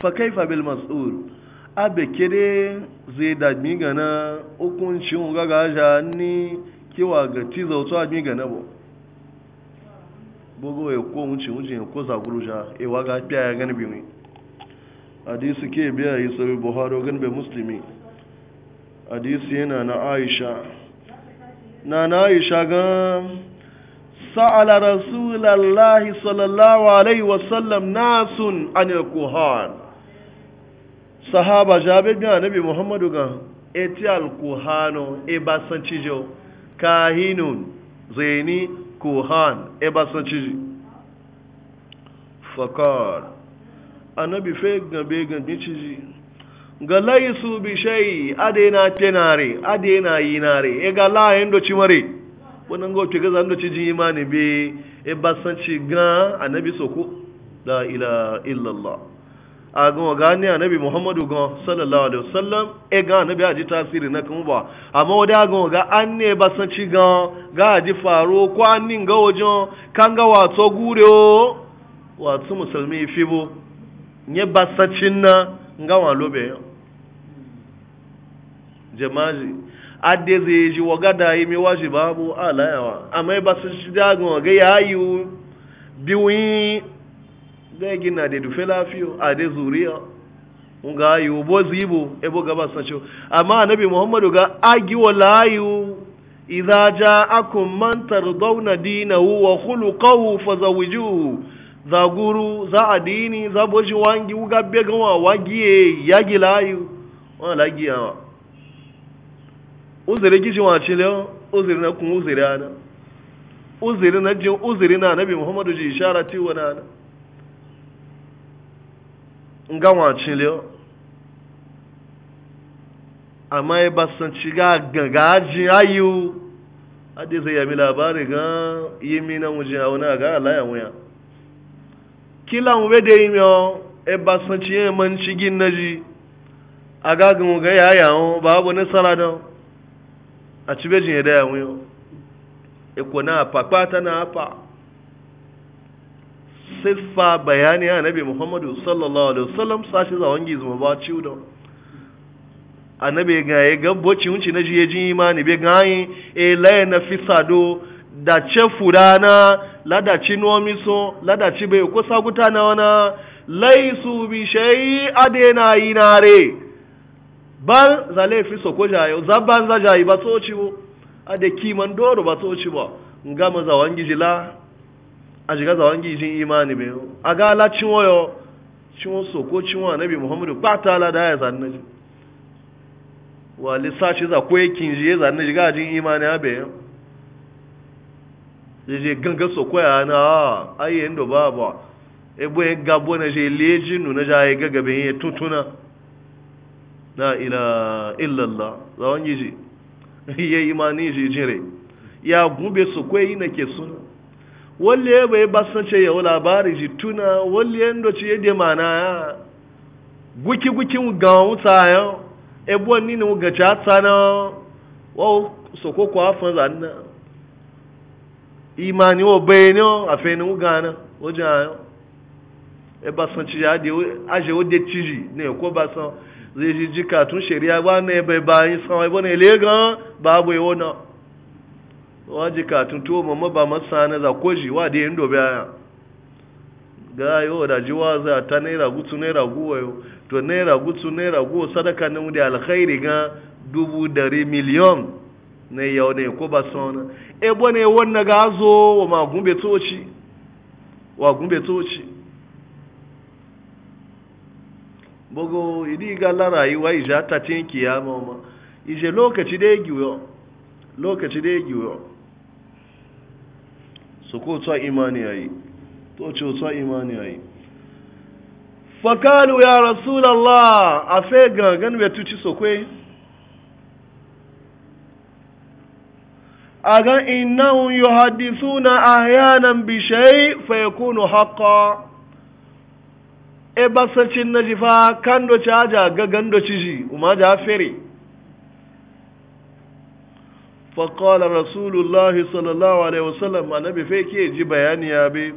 fa fa bil mas'ul abe kire zai dami mi gana hukuncin ga gaja ni kiwa ga tizo to mi gana bo bogo ya ko mutu mutu ya ko guruja e waga fiya ya gani bi hadisi ke biya yi sabi buhari gan bai musulmi hadisi yana na aisha na na aisha gan sa'ala rasulallahi sallallahu alaihi wasallam nasun an kuhan sahaba jabe bin Nabi muhammadu gan eti al-kuhano e basan cijo kahinun zaini kuhan e basan cijo fakar annabi fe gabe gandun ciji ga laisu bishai na tenare adena yinare e ga endo doci mare wannan ga ofe gaza doci jin imani be e basanci gan annabi soko la ila allah, a ga gani annabi muhammadu gan sallallahu alaihi wasallam e ga annabi aji tasiri na kuma ba amma wada ga ga an ne basanci gan ga aji faro ko an nin ga wajen kan ga wato gure o wato musulmi fibo nye basacin na nga wa lobe yo jamaji ade zai ji waga da yi mi waji babu ala yawa amma ya basacin da ga ga yayi biwi ga gina da dufe lafiyo ade zuriya nga ayi bo zibo ebo ga basacin amma annabi muhammadu ga agi wala ayi idza ja'akum man tardawna dinahu wa khuluquhu fazawijuhu za guru za adini za boji wangi uga bega wa wagie yagi layu wa lagi yawa uzuri gishi wa chile uzuri na kun uziri ana uziri na jin uziri na nabi muhammadu ji ishara ti wa nana nga wa chile amma ya basan ci ga gagajin ayu hadisa ya mi labari ga yi mi na mujin na wani ga alayan wuya kila nwe de imyo e basanci yin man ji naji agagin ga ya ya on babu ni salada a cibe jin da ya wiyo e ko na papa ta na apa sifa bayani annabi muhammadu sallallahu alaihi wasallam sashi za wangi zuma ba ciwo da annabi ga ya e gabbo ciwunci na ji ya ji imani be ga e laye na fisado dace furana ladaci so ladaci bai kusa guta na wana laisu bi shayi adena inare ban za fi so ko jayo za ban za jayi ba so ci ade da kiman doro ba so ci ba nga ma za wangi jila a jiga za wangi jin imani be a ga la cin woyo cin wo so ko cin wa nabi muhammadu ba ta la da ya zanna wa wa lissaci za ko yakin je zanna jiga jin imani abe je ganga so koya na ah, ayi ndo ba ba e bo gabo na je leji nu na ja e gaga be ye tutuna la ila illa allah zawan yiji ye imani ji jire ya gube so koyi na ke suna walle bai basan ce ya labari ji tuna walle ndo ci de mana ya guki gukin ga wuta ya ebo ni ni ne ga ta na wa so ko kwa afan zanna imani wo bayani wo afeni ugana wo jayo e basan ci ya de aje wo de tiji ne ko basan zai ji jika tun shari'a ba e ne bai bayan san wai bane legan babu yawo e na wa jika tun to mamma ba masa na za koji wa da yin dobe aya ga yo da jiwa za ta naira gutsu naira guwa yo to naira gutsu naira guwa sadaka ne mu de alkhairi ga dubu dari miliyon na yau e, ne ko ba sona ebo bone wannan ga zo wa ma gumbe toci wa gumbe toci bogo idi ga la rayuwa ija ta tin kiyama ma ije lokaci da giwo lokaci da giwo su ko tsa imani yayi to ce tsa imani yayi fakalu ya rasulullah afe gangan betuci sokwe أجل إنهم يحدثون أحيانا بشيء فيكون حقا ebasacin na jifa kan doci aja ga gando ciji umar da fere faƙala rasulullahi sallallahu alaihi wasallam annabi fai ke ji bayani ya bi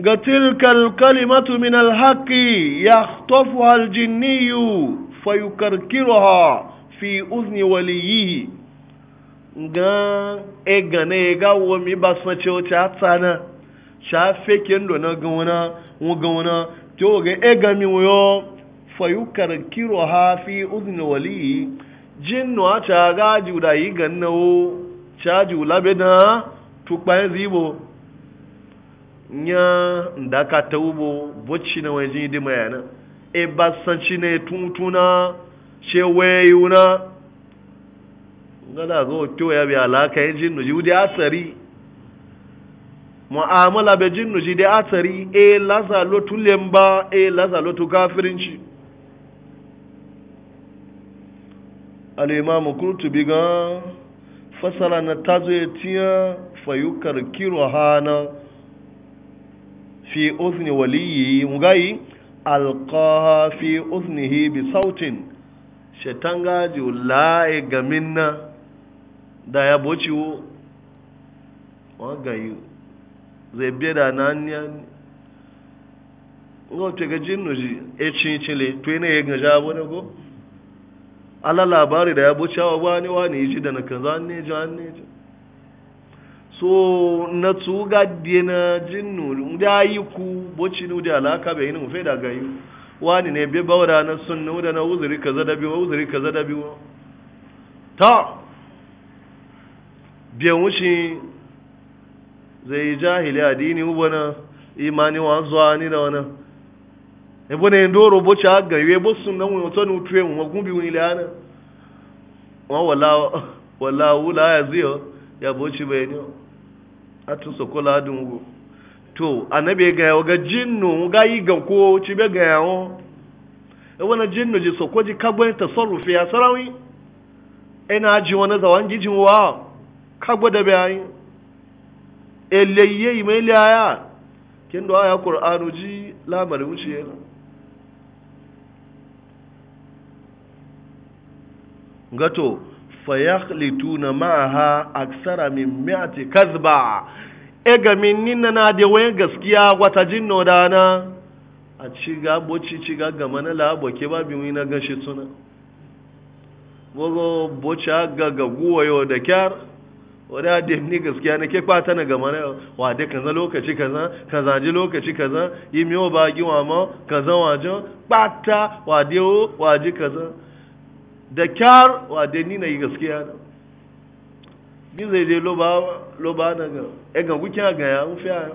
ga tilkal kalimatu min alhaqi yahtafu aljinniyu fayukarkiruha fi uzni waliyihi E gan ega na ega wo mi ba san ce o ta tsana sha fe ke ndo na gan wo o e ga ega mi wo yo fa kiro ha fi udn wali jin no ta ga ju da yi gan na wo cha ju la be na tu pa yin e zibo nya nda ka tawbo bocci na wajin di mayana e ba san ci ne tuntuna she weyuna ngala zo to ya bi alaka yin jinnu ji da asari mu'amala be jinnu ji de asari e lasa lotu lemba e lasa lotu kafirinci al-imam qurtubi ga fasara na tazo ya tiya fayukar kiro hana fi uzni waliyi mugayi alqaha fi uznihi bi sautin shetanga ju la'i gaminna da ya boci wo yi zai biya da na niya ngo te ga jin ji echi cin cile to ne ya ga jabo ne go ala labari da ya boci wa wani wani ji da na kaza ne ji an ne ji so na tu ga na jinnu da yi ku boci nu da alaka bai ni mu fe da yi? wani ne bi bawra na sunnu da na uzuri kaza da biwa uzuri kaza da biwa ta biyan wuce zai jahili adini ubana imani wa zuwa ni da wani ebo na ndoro bocha aga iwe bosun na wuyo to ni utuwe mu magumbi wuni lana wa wala wala wula ya ziyo ya bochi bai ni atu sokola adun ugo to anabi ga ya ga jinnu ga yi ga ko ci be ga yawo ebo na jinnu ji sokoji kagwen tasarrufi ya sarawi ina e ji wani zawan gijin wa kagwa da bayi eleye mai laya kin da aya qur'anu ji lamarin wuce gato fayakhlituna ma'aha aksara min mi'ati kazba e min ninna na da gaskiya wata jinno dana a ci ga boci ci ga gama na labo ke ba bi na gashi suna gogo boci ga ga guwayo da kyar wani adem ni gaskiya na ke kwata na gama na wade kaza lokaci kaza kaza ji lokaci kaza yi miyo ba gi wa ma kaza waje kwata wade o waje kaza da kyar wade ni na yi gaskiya na bi zai je ba na ga e ga gukin ga ya mu fiya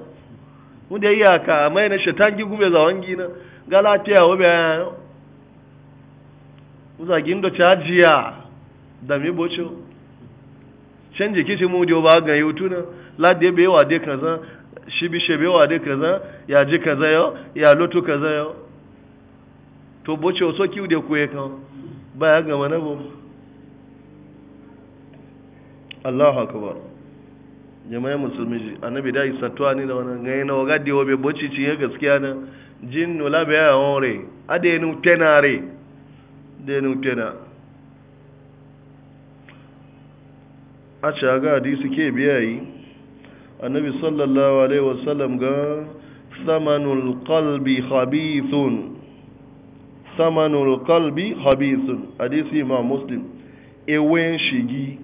mu da ka mai na shaitan gi gube za wangi na ga lafiya wa bayan mu zagin da cajiya da mi bocho canje kici mu dio ba ga yutuna la de be wa de kaza shibi shebe wa de kaza ya ji kaza yo ya lotu kaza yo to bo boce so ki de kuye kan ba ya ga mana bo Allahu akbar jama'a musulmi ji annabi da isa to ani da wannan ga yana waga de obe boci ci ya gaskiya na jin la be ya hore ade nu tenare de nu tenare a caga hadisi ke biya yi annabi sallallahu alaihi wasallam ga samanul qalbi khabithun samanul qalbi khabithun hadisi ma muslim ewen shigi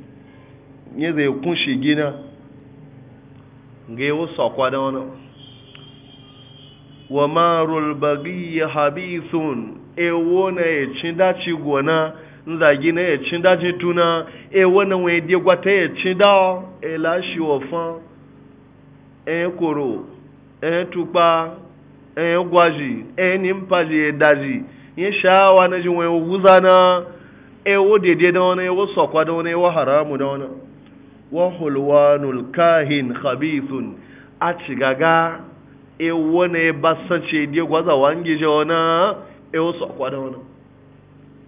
ne zai kun shigi na ga yi wasu akwa da wani wa marul bagi habithun ewo na ya e ci dace gona nzagi na ya cin daji tuna e wannan wani dia gwata ya cin da e, e, e lashi wofan e koro e tupa e gwaji e mpaji e daji yin sha'awa na jin wani wuza na e wo dede da wani e wo sokwa da wani wo haramu da wani wa hulwanul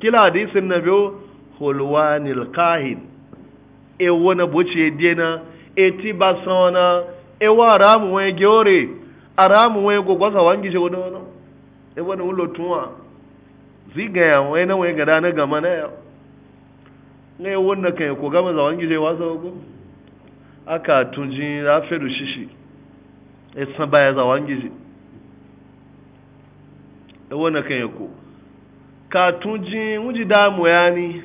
kila hadisin na biyu hulwanil kahin e wani buce dena e ti ba sana e wa ramu wani gyore aramu ramu wani gwagwasa wangi shi wani wani e wani ulo tuwa ziga ya wani na wani gada na gama na ya e na yi wani kan ko gama za wangi shi wasa wako aka tunji na fedu shishi e san baya za wangi shi e wani kan ko tun ji wuji damu ya ni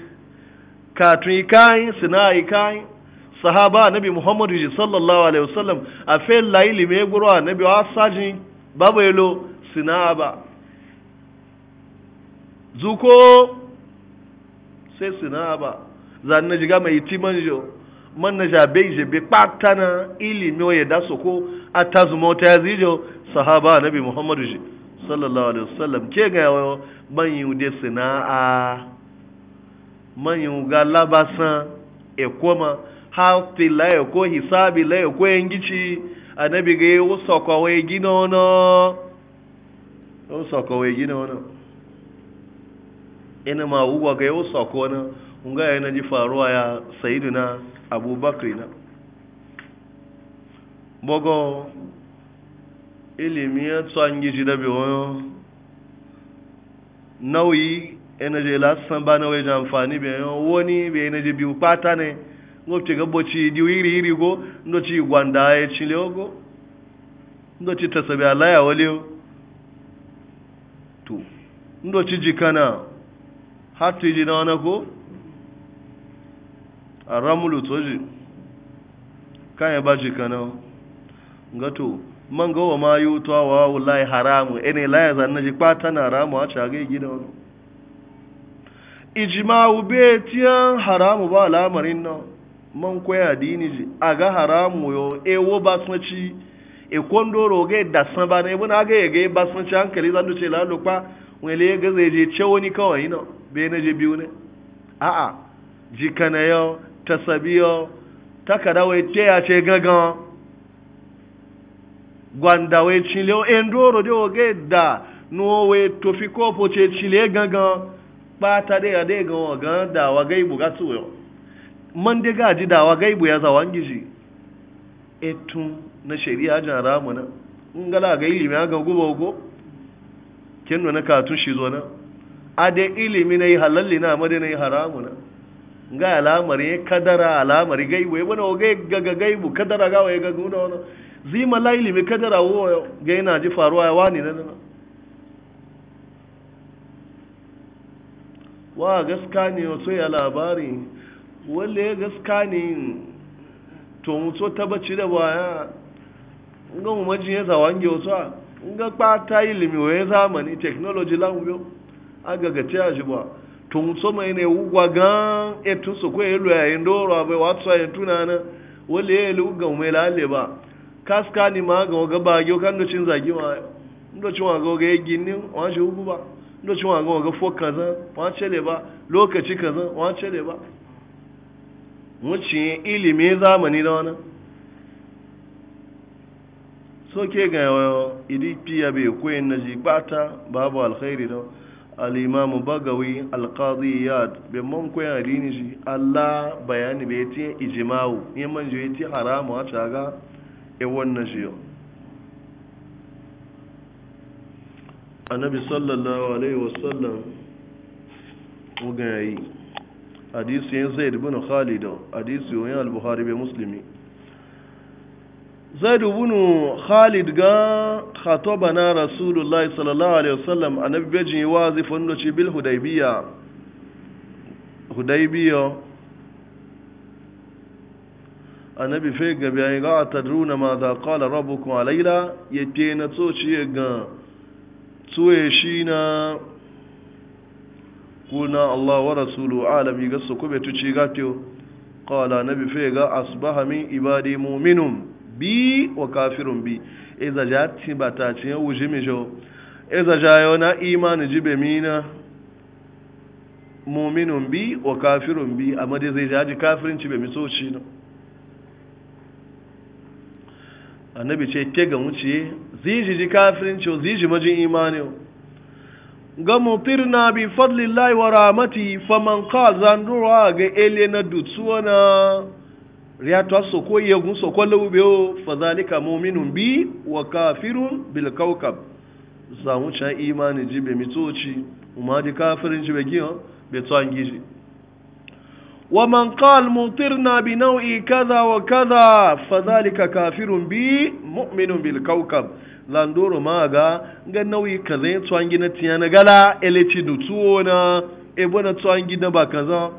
katun yi kayi sina yi kayi sahaba nabi muhammadu ji sallallahu alaihi wasallam a fe layi mai gburo a nabi wa sajin babu yalo sina ba zuko sai sina ba zan na jiga mai timan jo man na jabe jabe patana ilimi ya da ko a tazumota ya zijo sahaba nabi muhammadu ji sallallahu alaihi wasallam ke ga yawo manyu de sina'a manyu ga labasan e koma ha tila e ko hisabi la e ko engici anabi ga yawo sokwa we gino no o sokwa we gino no ina ma uwa ga yawo sokwa no nga yana ji faruwa ya na abubakar na bogo ilimi ya tsangi ji da biyo nauyi ina je lasan ba nauyi amfani be woni bai ina je biyu pata ne ngopce gabo ci diu iri iri go ndo gwanda ya ci leo ndo ci tasabi alaya wale to ndo jikana hatu ji na wani ko a ramulu toji kan ya ba jikana gato man gowa ma yi wutuwa wa wallahi haramu ene la zanna ji kwata na haramu a caga gida wani ijma'u be tiyan haramu ba al'amarin nan man koya dini ji a ga haramu yo ewo wo ba sun ci e kondoro ga da san ba ne buna ga ga ba sun ci hankali zan duce la lokpa wele ga zai je ce kawai no be na je biyu a a jikana yo tasabiyo takada wai te ya ce gagan gwanda we chile o endoro de oge da no we to fi kopo che chile gangan pata de ade gan o gan da wa gaibu ga tu yo ga ji da wa gaibu ya zawan gishi etun na shari'a jan ramu na nga gala ga ilimi ga gubo go kin na katun shi zo na ade ilimi na yi na madina yi haramu na ga alamari kadara alamari gaibu ya bana o gaibu kadara ga wa ya ga guna wani zima laili mai kadara wo ga yana ji faruwa ya wani na dana wa gaska ne wato ya labari wale ya gaska ne to mutu bacci da baya ga mu majin ya zawon wato a ga kpata ilimi wa ya zamani technology language a gagace a ji ba to mutu mai ne wugwa gan e etu su ko ya lo ya abai wato ya tunana wale ya lugan mai lalle ba kaska ni ma ga ga ba gyo kan do cin zagi ma do cin ga ga gini wa shi hugu ba do cin ga ga fo kaza wa cele ba lokaci kaza wa cele ba muci ilimi zamani da wani so ke ga idipi ya bai koyin na jibata babu alkhairi da al'imamu bagawi alkazi yad bai man koyin adini ji allah bayani bai tiye ijimawu neman ji ya ti haramu a caga ewon na jiyo annabi sallallahu alaihi wasallam yi hadisi yin dubu na khalid hadisi yin al-bukhari bai zai dubu na khalid ga na rasulullahi sallallahu alaihi wasallam annabi bai ji wazifin da ce bil hudaybiya hudaybiya annabi fe ga ayi ga tadruna ma za qala rabbukum alayla yake na tsoci ga tsoye shi na kuna Allah wa rasulu alami ga su kube tuci gatiyo qala nabi fe ga asbaha min ibadi mu'minun bi wa kafirun bi iza jati bata ci wuji mi jo iza jayo na imani jibe mina mu'minun bi wa kafirun bi amma dai zai jaji kafirin ci be mi tsoci na annabi ce ke ga wuce ziji ji kafirinci ziji majin imani ga na bi fadlillahi wa fa faman ka zanduwa ga ele na dutsuwa na riyatwa soko yegun ko laube o fazalika mu'minun bi wa kafirun bil kawkab za wuce imani ji be mitoci umma ji kafirinci be giyo be tsangi ومن قال مطرنا بنوع كذا وكذا فذلك كافر بي مؤمن بالكوكب landoro ma ga ga nauyi kaza ya tsangi na tiya na gala eleci da tuwo na ebo na tsangi na ba kaza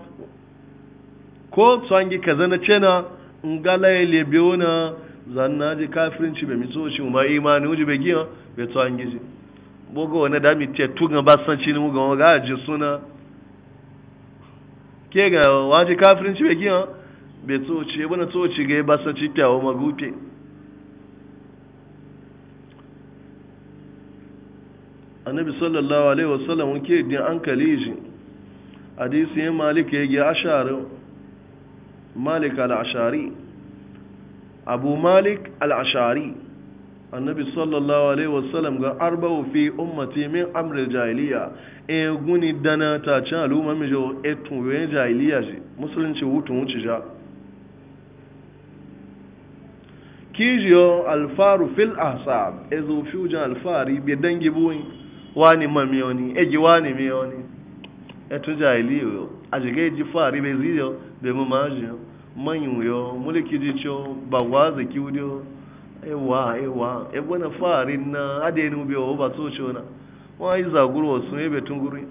ko tsangi kaza na cena ngala ya lebewo na zanna ji kafirinci bai mito shi ma imani wuji bai giya bai tsangi ji bogo wani dami te tuga basanci ne mu ga waga ji suna ke ga waje kafirin ci beki bai tsoce wani tsoce ga ba basa ci tawo magufe annabi sallallahu alaihi wasallam ke din an kalishi hadisi ya malika ya ga ashari malik al-ashari abu malik al-ashari annabi sallallahu alaihi wasallam ga arba'u fi ummati min amril jahiliya e guni dana ta ci al'umma mi jo etun we jahiliya ji musulunci wutun wuci ja kijiyo alfaru fil ahsab e zo fuja alfari bi dangi buin wani mamioni e, e ji wani mioni e to jahiliyo ajige ji fari be ziyo be mamaji manyu yo mulki ji cho bagwaza kiudio ewa ewa ebe na farin na adini ube wa ba so ce wana wa yi zaguru wa sun ebe tunguri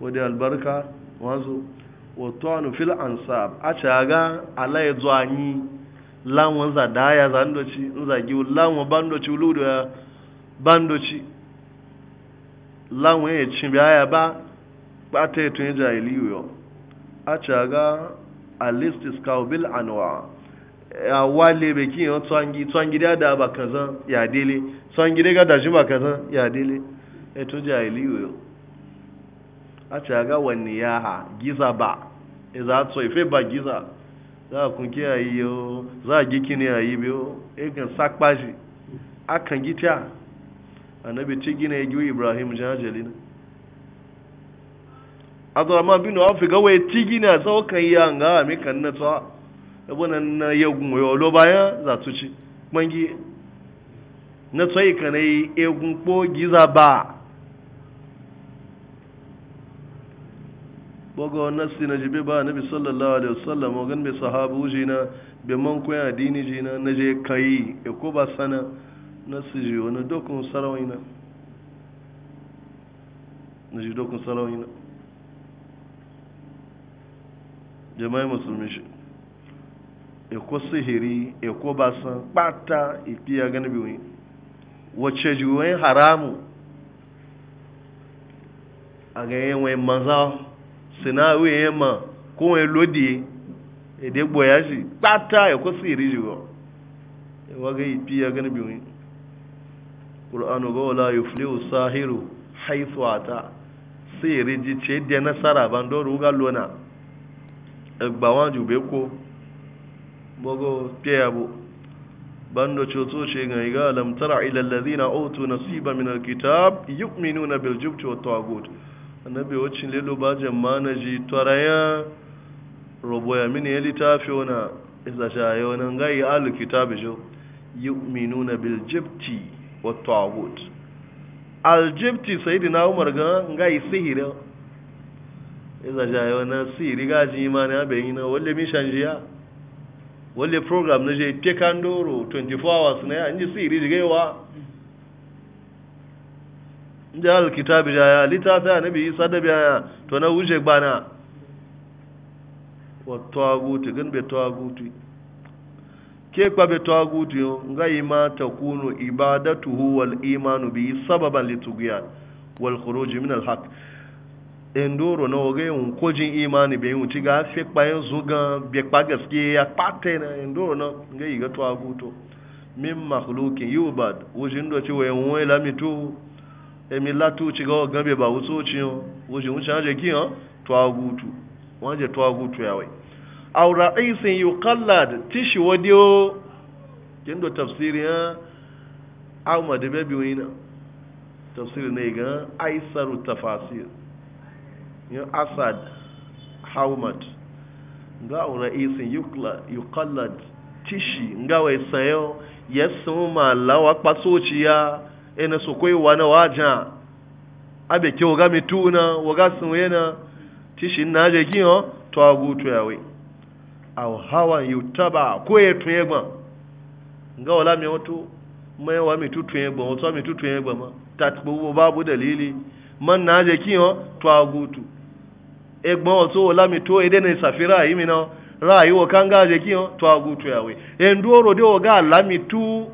wadda albarka wazo wato anu fil ansab a caga ala ya e zo anyi lawan za daya za ndoci in zagi lawan bandoci ludo ya bandoci lawan e ya cin biya ba ba ta yi tun e jahiliyo a caga alistis kawbil anwa Eh, wale be kin yo eh, twangi twangi da da ba kazan ya dele twangi da da shi ba kazan ya dele e to jahiliyo yo a ce ga wani yaha giza ba e za to ife ba giza za a kunki ayi yoo za a giki ne a yi biyo e kan sakpa shi a kan gita annabi ci na ya giwu ibrahim jajalina abdurrahman bin auf ga waye ci gina o kan yi an nga ami kan na tsawa abunan na yagun yolo bayan za tu ci mangi na tsayi ka na yi egun ko giza ba boga wannan na jibe ba bi sallallahu alaihi wasallam wagan bai sahabu jina bai man koyan addini jina na je kai e ko ba sana na su ji wani dokun sarawina na ji dokun sarawina jama'i musulmi shi eko sihiri eko basan kpata ipiya gani biyu wacce haramu a ga yi wani maza sinawi yi ma ko wani lodi ede gboya shi kpata eko sihiri juwa ewa ga ipiya gani biyu ƙur'anu ga wala yuflihu sahiru haifu ata sihiri ji ce da nasara bandoro don lona egbawan jube ko bogo piyabo bando coto ce ga iga lam tara ila alladhina utu nasiba min alkitab yu'minuna bil jibti wat tagut annabi wacin lelo ba jama'ana ji toraya robo ya mini litafi wana iza shaye wana ngai al kitab jo yu'minuna bil jibti wat tagut al jibti na umar ga ngai sihira iza shaye wana sihiri ga ji imani abe ina walle mi jiya? wale program na je ke kandoro 24 hours na ya inji siri jigewa inji alkitabi jaya littafi a nabi isa da biya to na wuce gbana wa tawaguti gan be tawaguti ke kwa be tawaguti nga ima takunu ibadatuhu wal imanu bi sababan litugiyan wal khuruji min al haqq endoro na oge yin kojin imani bai yin ciga fi kpayin zuga bai kpa gaske ya kpata na endoro na nga yi gato aguto min makhlukin yi e, ba wujin da ci wayan wani lamito emi latu ciga wa gabe ba wuso ci yan wujin wuce hanje ki yan to agutu wanje to agutu ya wai aw ra'isin yuqallad tishi wadiyo kin do tafsiri ya Ahmad Bebiwina tafsiri ne ga Aisaru tafasir yin asad haumad ga ra'isin yukallad tishi nga wai ma ya sun malawa kpasociya ina su kwai wani wajen abe ke waga mituna waga sun yana tishi na je giyo to agutu yawe aw hawan yutaba ko ya tuye gba nga mi wato mai wa mi tutuye gba wato mi tutuye gba ma tatbu babu dalili man na je kiyo to agutu egbon oto olami to ede na safira yi mi na rayi wo kanga je ki to agutu yawe endu oro de oga alami tu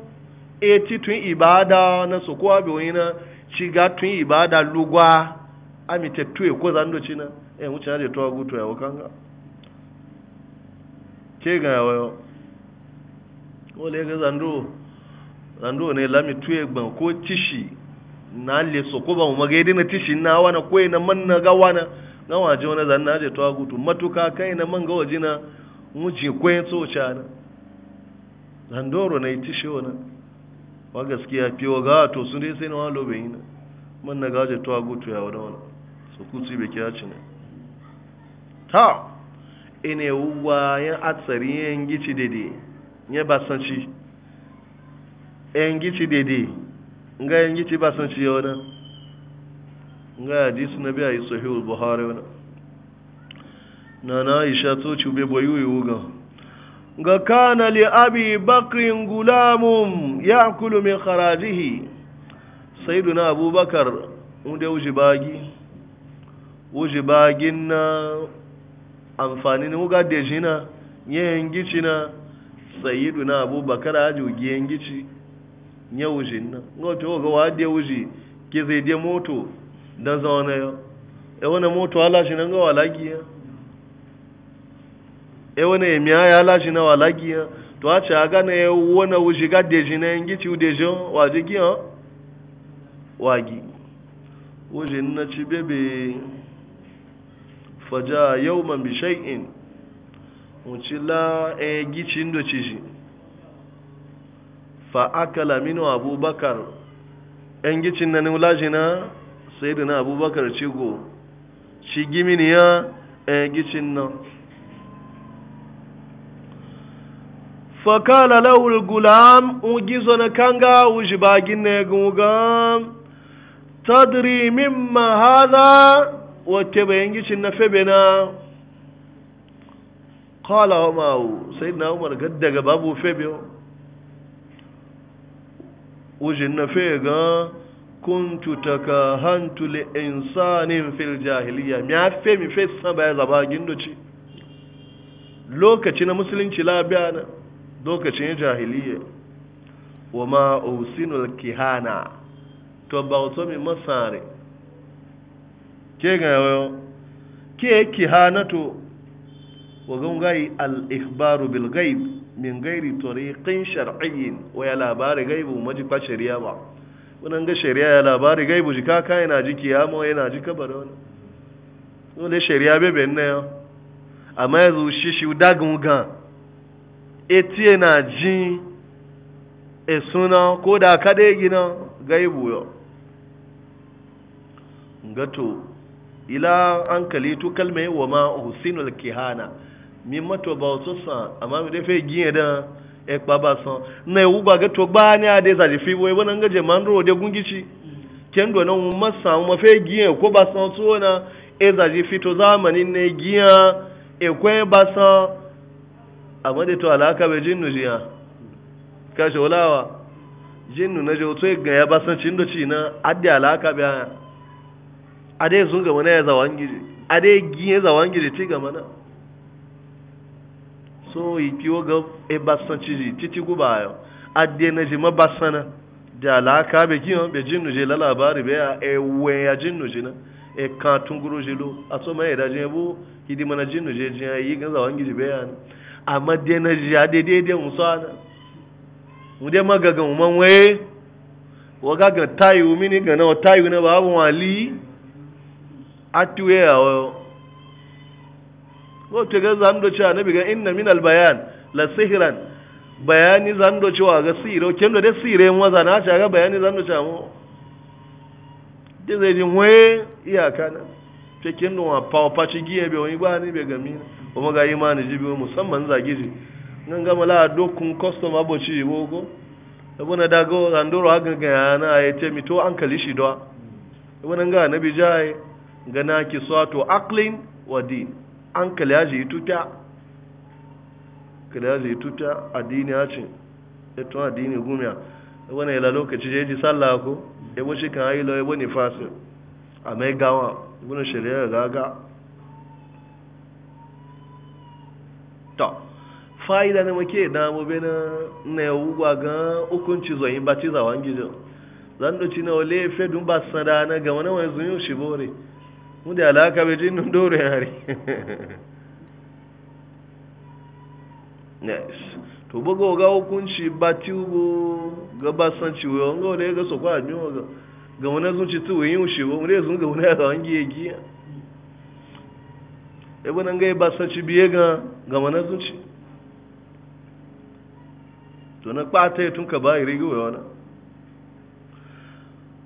eti tun ibada na soko abi oyina chiga tun ibada lugwa ami te tu e ko za ndo china e mu china de to agutu yawe kanga ke ga yawe o le ga zandu zandu ne lami tu egbon ko tishi na le soko ba mu maga ede na tishi na wana ko ina e man na ga wana na waje wani zan na je tuwa gutu matuka kai na man ga waje na wuce kwayan tsoca na zandoro na yi tishe wani wa gaskiya fiye ga to sun dai sai na wani lobe yi na man na gaje tuwa gutu ya wani wani su kutu bai kira ci ne ta ina wuwa yan atsari yan gici dede ya basanci yan gici dede nga yan gici basanci ya wani Nga hadisi na biya yi sahihul buhari wani na na aisha to ci bai boyu yiwu ga ga kana li abi bakrin gulamun ya kulu min kharajihi sayyiduna abubakar wanda wuce bagi wuce bagin na amfani ne wuga da shi na yayin gici na sayyiduna abubakar aji wugiyen gici ya wuce na ga wata wuga wa da wuce ke zai da moto da zaune yau e wani moto halashi nan ga walagi ya e wani emiya ya halashi na walagi ya to a ce a gane ya wani wuce ga e deji na yin gici deji waje giya wagi wuce na ci bebe faja yau man bi shai'in wuce la e gici ndo ci shi fa akala minu abubakar yan e gicin na nulaji na sai na abubakar cigo shi gimini ya eh, gicin nan fakala lawul gulam ugizo na kanga wuji bagin na gugan tadri mimma hada wata bayan gicin na febe na kala wa ma'u sai na umar gaddaga babu febe wujin na febe gan kuntu takahantu li insanin fil jahiliya mi ya fe mi fe san baya zaba gindoci lokaci na musulunci labiya na lokacin jahiliya wa ma usinul kihana to bauto mi masare ke ga yo ke kihana to wa gungai al ikhbaru bil ghaib min ghairi tariqin shar'iyyin wa ya labari gaibu majiba shari'a ba wannan ga shari'a ya labari gai buji ka yana ji kiyama yana ji kabar wani wani shari'a bai nna yau amma yanzu shi shi dagun ga eti yana ji e suna ko da ka dai gina gai buyo gato ila an kalitu kalmai wa ma'a husinul kihana min mato ba wasu sa amma mu dai fai gina da ekpa ba san na ewu ba gato gba ni a dai zaji fi na wannan je man ro de gungici kendo na mu masa mu fe e ko ba san so na e zaji fi to zamani ne giya e ko ba san amma de to alaka be jinnu jiya ka sholawa jinnu na je to e ga ya ba san cin do chi na ade alaka be a ade zunga mana ya zawangije a dai giya zawangije ti ga mana so ikiwo ga eh, ebasan ciji titi guba yau adde na ji mabasana da alaka be kiyon be jinnu je la labari be ya ewe ya jinnu je na e kan tunguru je lo ato mai da je bu hidi mana jinnu je je yi ga zawan gidi be ya amma de na ji ade de de muso ana mu de magaga mu man waye wa gaga tayu mini ga na tayu na babu wali atuwe awo ko ta ga zan do cewa nabi ga inna min al bayan la sihran bayani zan do cewa ga siro kin da sire mu za na ga bayani zan do cewa mu de zai din we iya kana ce kin do pa pa ci giye be wani ba ni be ga mi o ma ga imani jibi musamman za giji nan ga mala dokun customer bo ci wogo abuna dago ro aga ga yana ya ce to an shi do abuna ga nabi jai ga na ki swato aqlin wa din an kalaji tuta kalaji tuta addini ya ce eto addini gumiya ebo na ila lokaci je ji sallah ko ebo shi kan ayi lo ebo ni fasi a mai gawa shirya shari'a gaga ta fa'ida na muke damu bena na yawu ga hukunci zuwa ba ci zawon gizo zan doci na wale fedun ba sada na gama wani wani zunyu shi bore mude alaka be tin dore hari yes to bogo ga hukunci ba tubo ga basan ci wo ngo ne ga sokwa mi wo ga wona zun ci tuwe yin shi wo mure zun ga wona ga wangi yegi e bona ngai basan ci biye ga ga wona zun to na kpata tun ka ba iri ga wona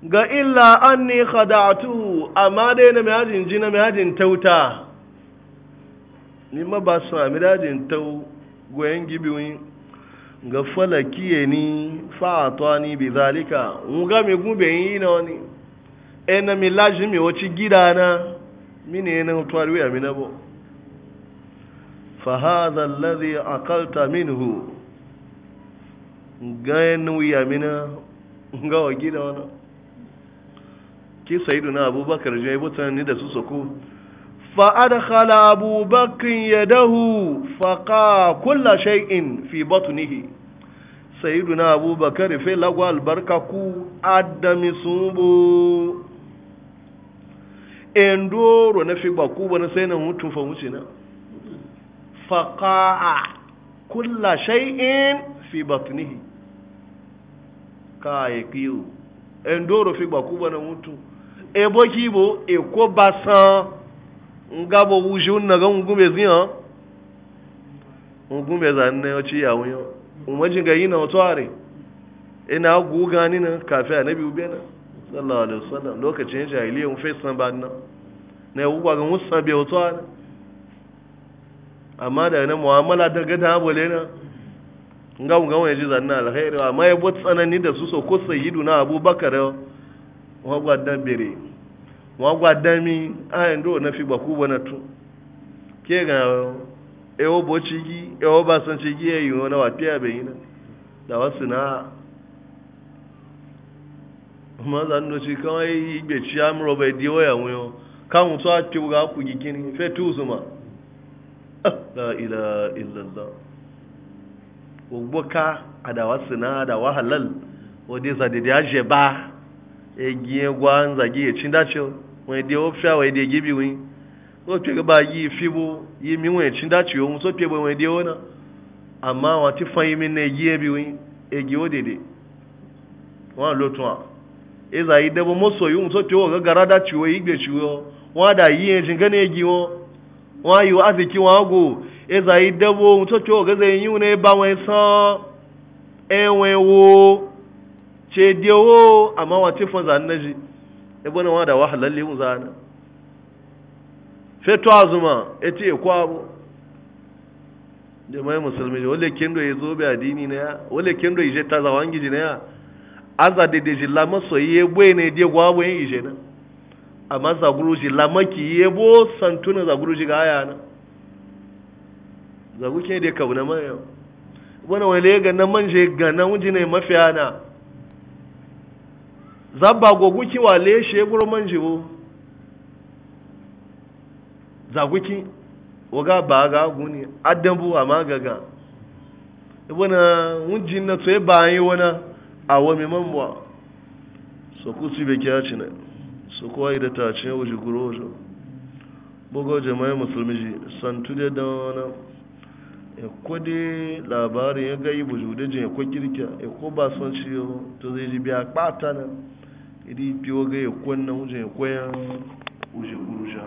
ga illa an ni khada'tuhu amma dai na miyajin ji na miyajin tauta ni ma ba su sami dajin tau goyen gibiyoyi ga falakiye ni fa'atuwa ni bi zalika nga mi gube yi na wani e na mi laji mi wace gida na mini na tuwar wuya mi na bo fahadha alladhi aqalta minhu ga yana wuya mi na nga wa gida wani ki sayidu na abubakar je butan ni da su soko fa adkhala abubakar yadahu fa ka kulla shay'in fi batnihi sayidu na abubakar fi lagu albarka ku adami sunbu endoro na fi baku ba na sai na mutu fa muce na fa ka kulla shay'in fi batnihi ka yakiyu endoro fi baku ba na mutu ebo kibo eko basan nga bo wuji unna ga ngumbe ziyan ngumbe zanne ochi ya wunyo umaji ga yina otware ina e gu gani na kafi annabi ubena sallallahu alaihi wasallam lokacin jahiliya mun fesa ba na na ugwa ga musa be otware amma da na mu'amala da ga da bole na nga nga wani ji na alkhairi amma ya e bo tsanani da su so ko sayyiduna na abubakar wọ́n gbàdán bèrè wọ́n gbàdán mi àyìn dò na fi gbàkú wọn tu kí ẹ̀gàn ẹ̀wọ́ bọ́ chigi ẹ̀wọ́ bá san chigi ẹ̀yìn wọn wà pẹ́ àbẹ̀yìn náà dàwọ́ sì náà ọmọ zanu lọ sí káwọn ìgbè tí a mú rọba ìdíwọ́ ìyàwó yẹn káwọn tó a pè wọ́n kà kú kíni fẹ́ tó ká sì náà halal egiye gwanza giye chindacho wede opsha wede gibi wi ope ba yi fibu yi mi wen chindacho yo so pe wede ona ama wa ti fan yi mi ne giye bi wi egi odede wọn lo tun a eza yi debo moso yi so pe wo garada chi wo igbe chi wo wọn da yi en jinga ne egi wọn wọn yi aziki wọn go eza yi debo so pe wo gaza yi ne ba wen san enwe wo ce dewo a wace fa zan naji e bana wa da wahalalle mu zana fetu azuma yace e kwa bu jama'i musulmi wale kendo ya e zo bi addini ne ya wale kendo ije e ta za wangi ne ya aza de de jilla masoyi ye bwe ne de gwa bwe ije na amma zaguru jilla maki ye bo santuna zaguru ji ga aya na za guke de kauna mai yau wani wale ga nan manje ga na wujine mafiya na zaba goguki wa leshe ya guru manje bo zaguki waga ba ga guni a amma gaga na wunjin na tsaye ba wani a wami mamuwa so ku su bai kya ci ne so kowa yi da ta ci ya wuce guru wajen bugo jama'ai musulmi ji santu da dan wani ya e kwade labarin ya e gayi bujude jin ya e kwa kirkiya ya ko ba son ciyo to zai ji biya kpata na iri pioga e ya kwanna wujen ya kwaya uje guruja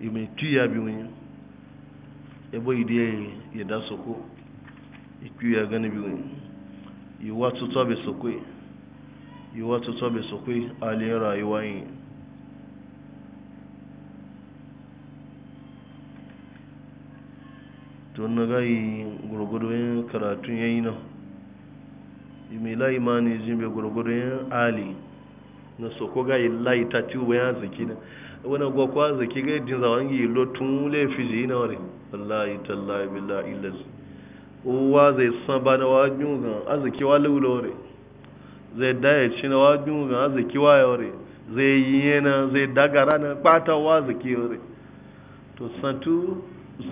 ime tuya bi wani ebo ide ya da soko ikwi e ya gani bi wani yiwa tuta bai sokwe yiwa tuta bai sokwe aliyan rayuwa yin to na gayi gurgudu yin karatun yayi nan imela imani jimbe gwargwaro yin ali na soko ga ilayi ta ti uwe yan zaki na wani gwakwa zaki ga yadda zawon yi lotun laifi ji na wani wallahi tallahi billa illazi uwa zai san ba na wajen gan arziki wa lula wani zai daya ci na wajen gan arziki wa ya wani zai yi yana zai dagara na kpata wa zaki wani to santu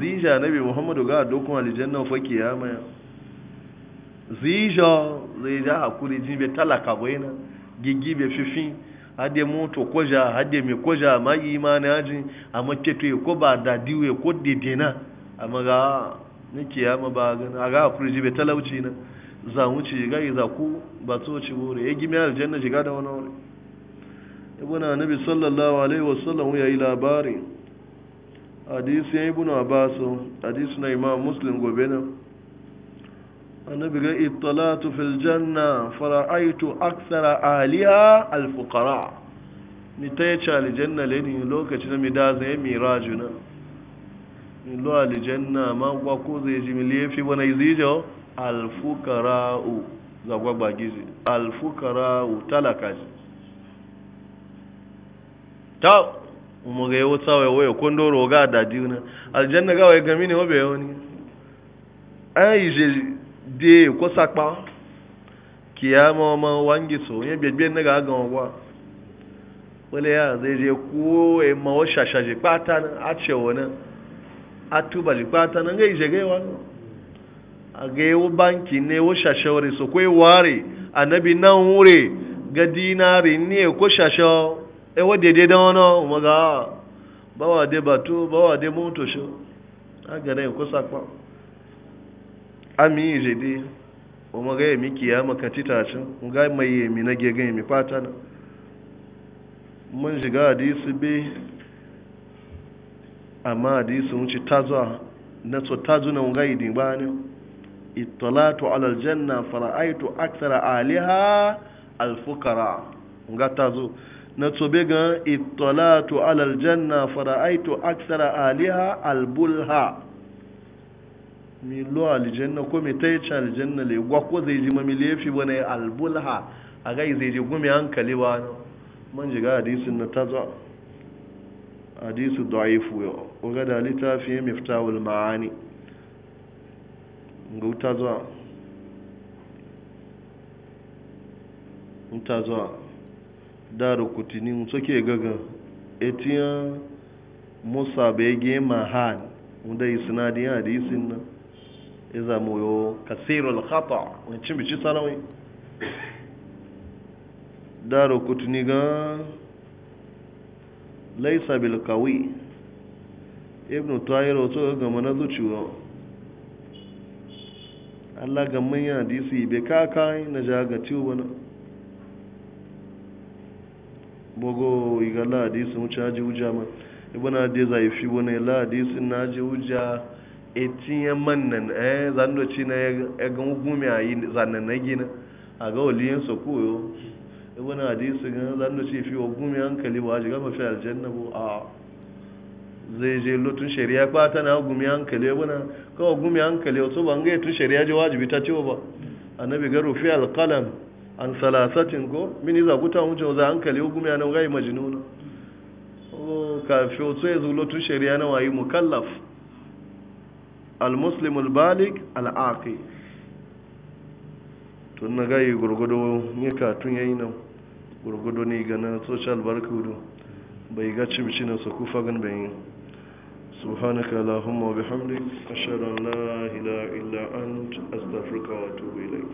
zija na nabi muhammadu ga dokun alijanna fakiya maya zijo zai ja hakuri jin talaka bai na gigi be fifi hade moto koja hade mai koja ma imani haji a maketo ko ba da diwe ko dedena a maga na kiyama ba gana a ga ji bai talauci na za wuce ga za ku ba so ci bore ya gimi aljanna shiga da wani wuri ibn annabi sallallahu alaihi wasallam ya yi hadisi ibn abbas hadisi na imam muslim gobe na annabi ga ittalatu fil janna fara'aitu aksara aliya alfukara ni ta yace aljanna le ni lokacin mi da zai mi rajuna ni lo aljanna ma kwa ko zai ji mi lefi wani izijo alfukara'u za kwa gbagizi alfukara'u talakaji ta umaga yawo tsawaye waya kondoro ga dadiuna aljanna ga ya gami ne wabe yawani an yi dee ko sakpa kiyama ma wangi so ye be be na ga ga wa wale ya zai je ko e ma o shasha je pata na a ce wona atuba je pata na ngai je ga wa a ga yo banki na-ewu shasha wore so ko ware annabi nan wure ga dinari ne e ko shasha e wa dede da wono maga bawa de bato bawa de moto sho a ga ne ko sakpa ami yi jade o maga ya miki ya makanci tashin ga mai yi mi na gege mi fata na mun shiga hadisi be amma hadisi mun ci tazo na so tazo na ga idin ba ne ittalatu ala aljanna fara'aitu akthara aliha alfukara ga tazo na so be ga ittalatu ala aljanna fara'aitu akthara aliha albulha milo aljanna ko me tai ci aljanna le gwa ko zai ji mami lefi wani albulha a gai zai ji gumi hankali ba man jiga hadisin na ta zo hadisu da'ifu ya oga da littafi ya miftawul ma'ani ga ta zo ta zo da rukutini suke gaga etiyan musa bai ge mahan wanda isnadin hadisin nan iza mu yo kasirul khata wani cin bici sanawai daro kutuni ga laisa bil kawi ibnu tayro to ga na zuciyo Allah ga manya hadisi bai kaka na jaga tiwo bana bogo igala hadisi mu caji ujama ibn hadisi zai fi wani la hadisi na ji wuja. etinye mannan eh zando na ya ga gumi a yi zanen na gina a ga waliyin su koyo ibn hadisi eh, ga ci fi hukumi gumi hankali wa gama fi aljanna bu a ah. zai je lotun shari'a ba ta na gumi hankali ibn ka gumi hankali wato ban ga tun shari'a ji wajibi ta ciwo ba annabi ga rufi alqalam an salasatin ko mini za guta mu za hankali gumi na ga majnun o oh, ka fi wato ya zo lotun shari'a na wayi mukallaf المسلم البالغ العاقل tun na gayi gurgudu ne tun yayi nan gurgudu ne ga na social barkudu bai ga cibici na su kufa gan bayin subhanaka allahumma wa bihamdik ashhadu an la ilaha illa ant astaghfiruka wa atubu ilayk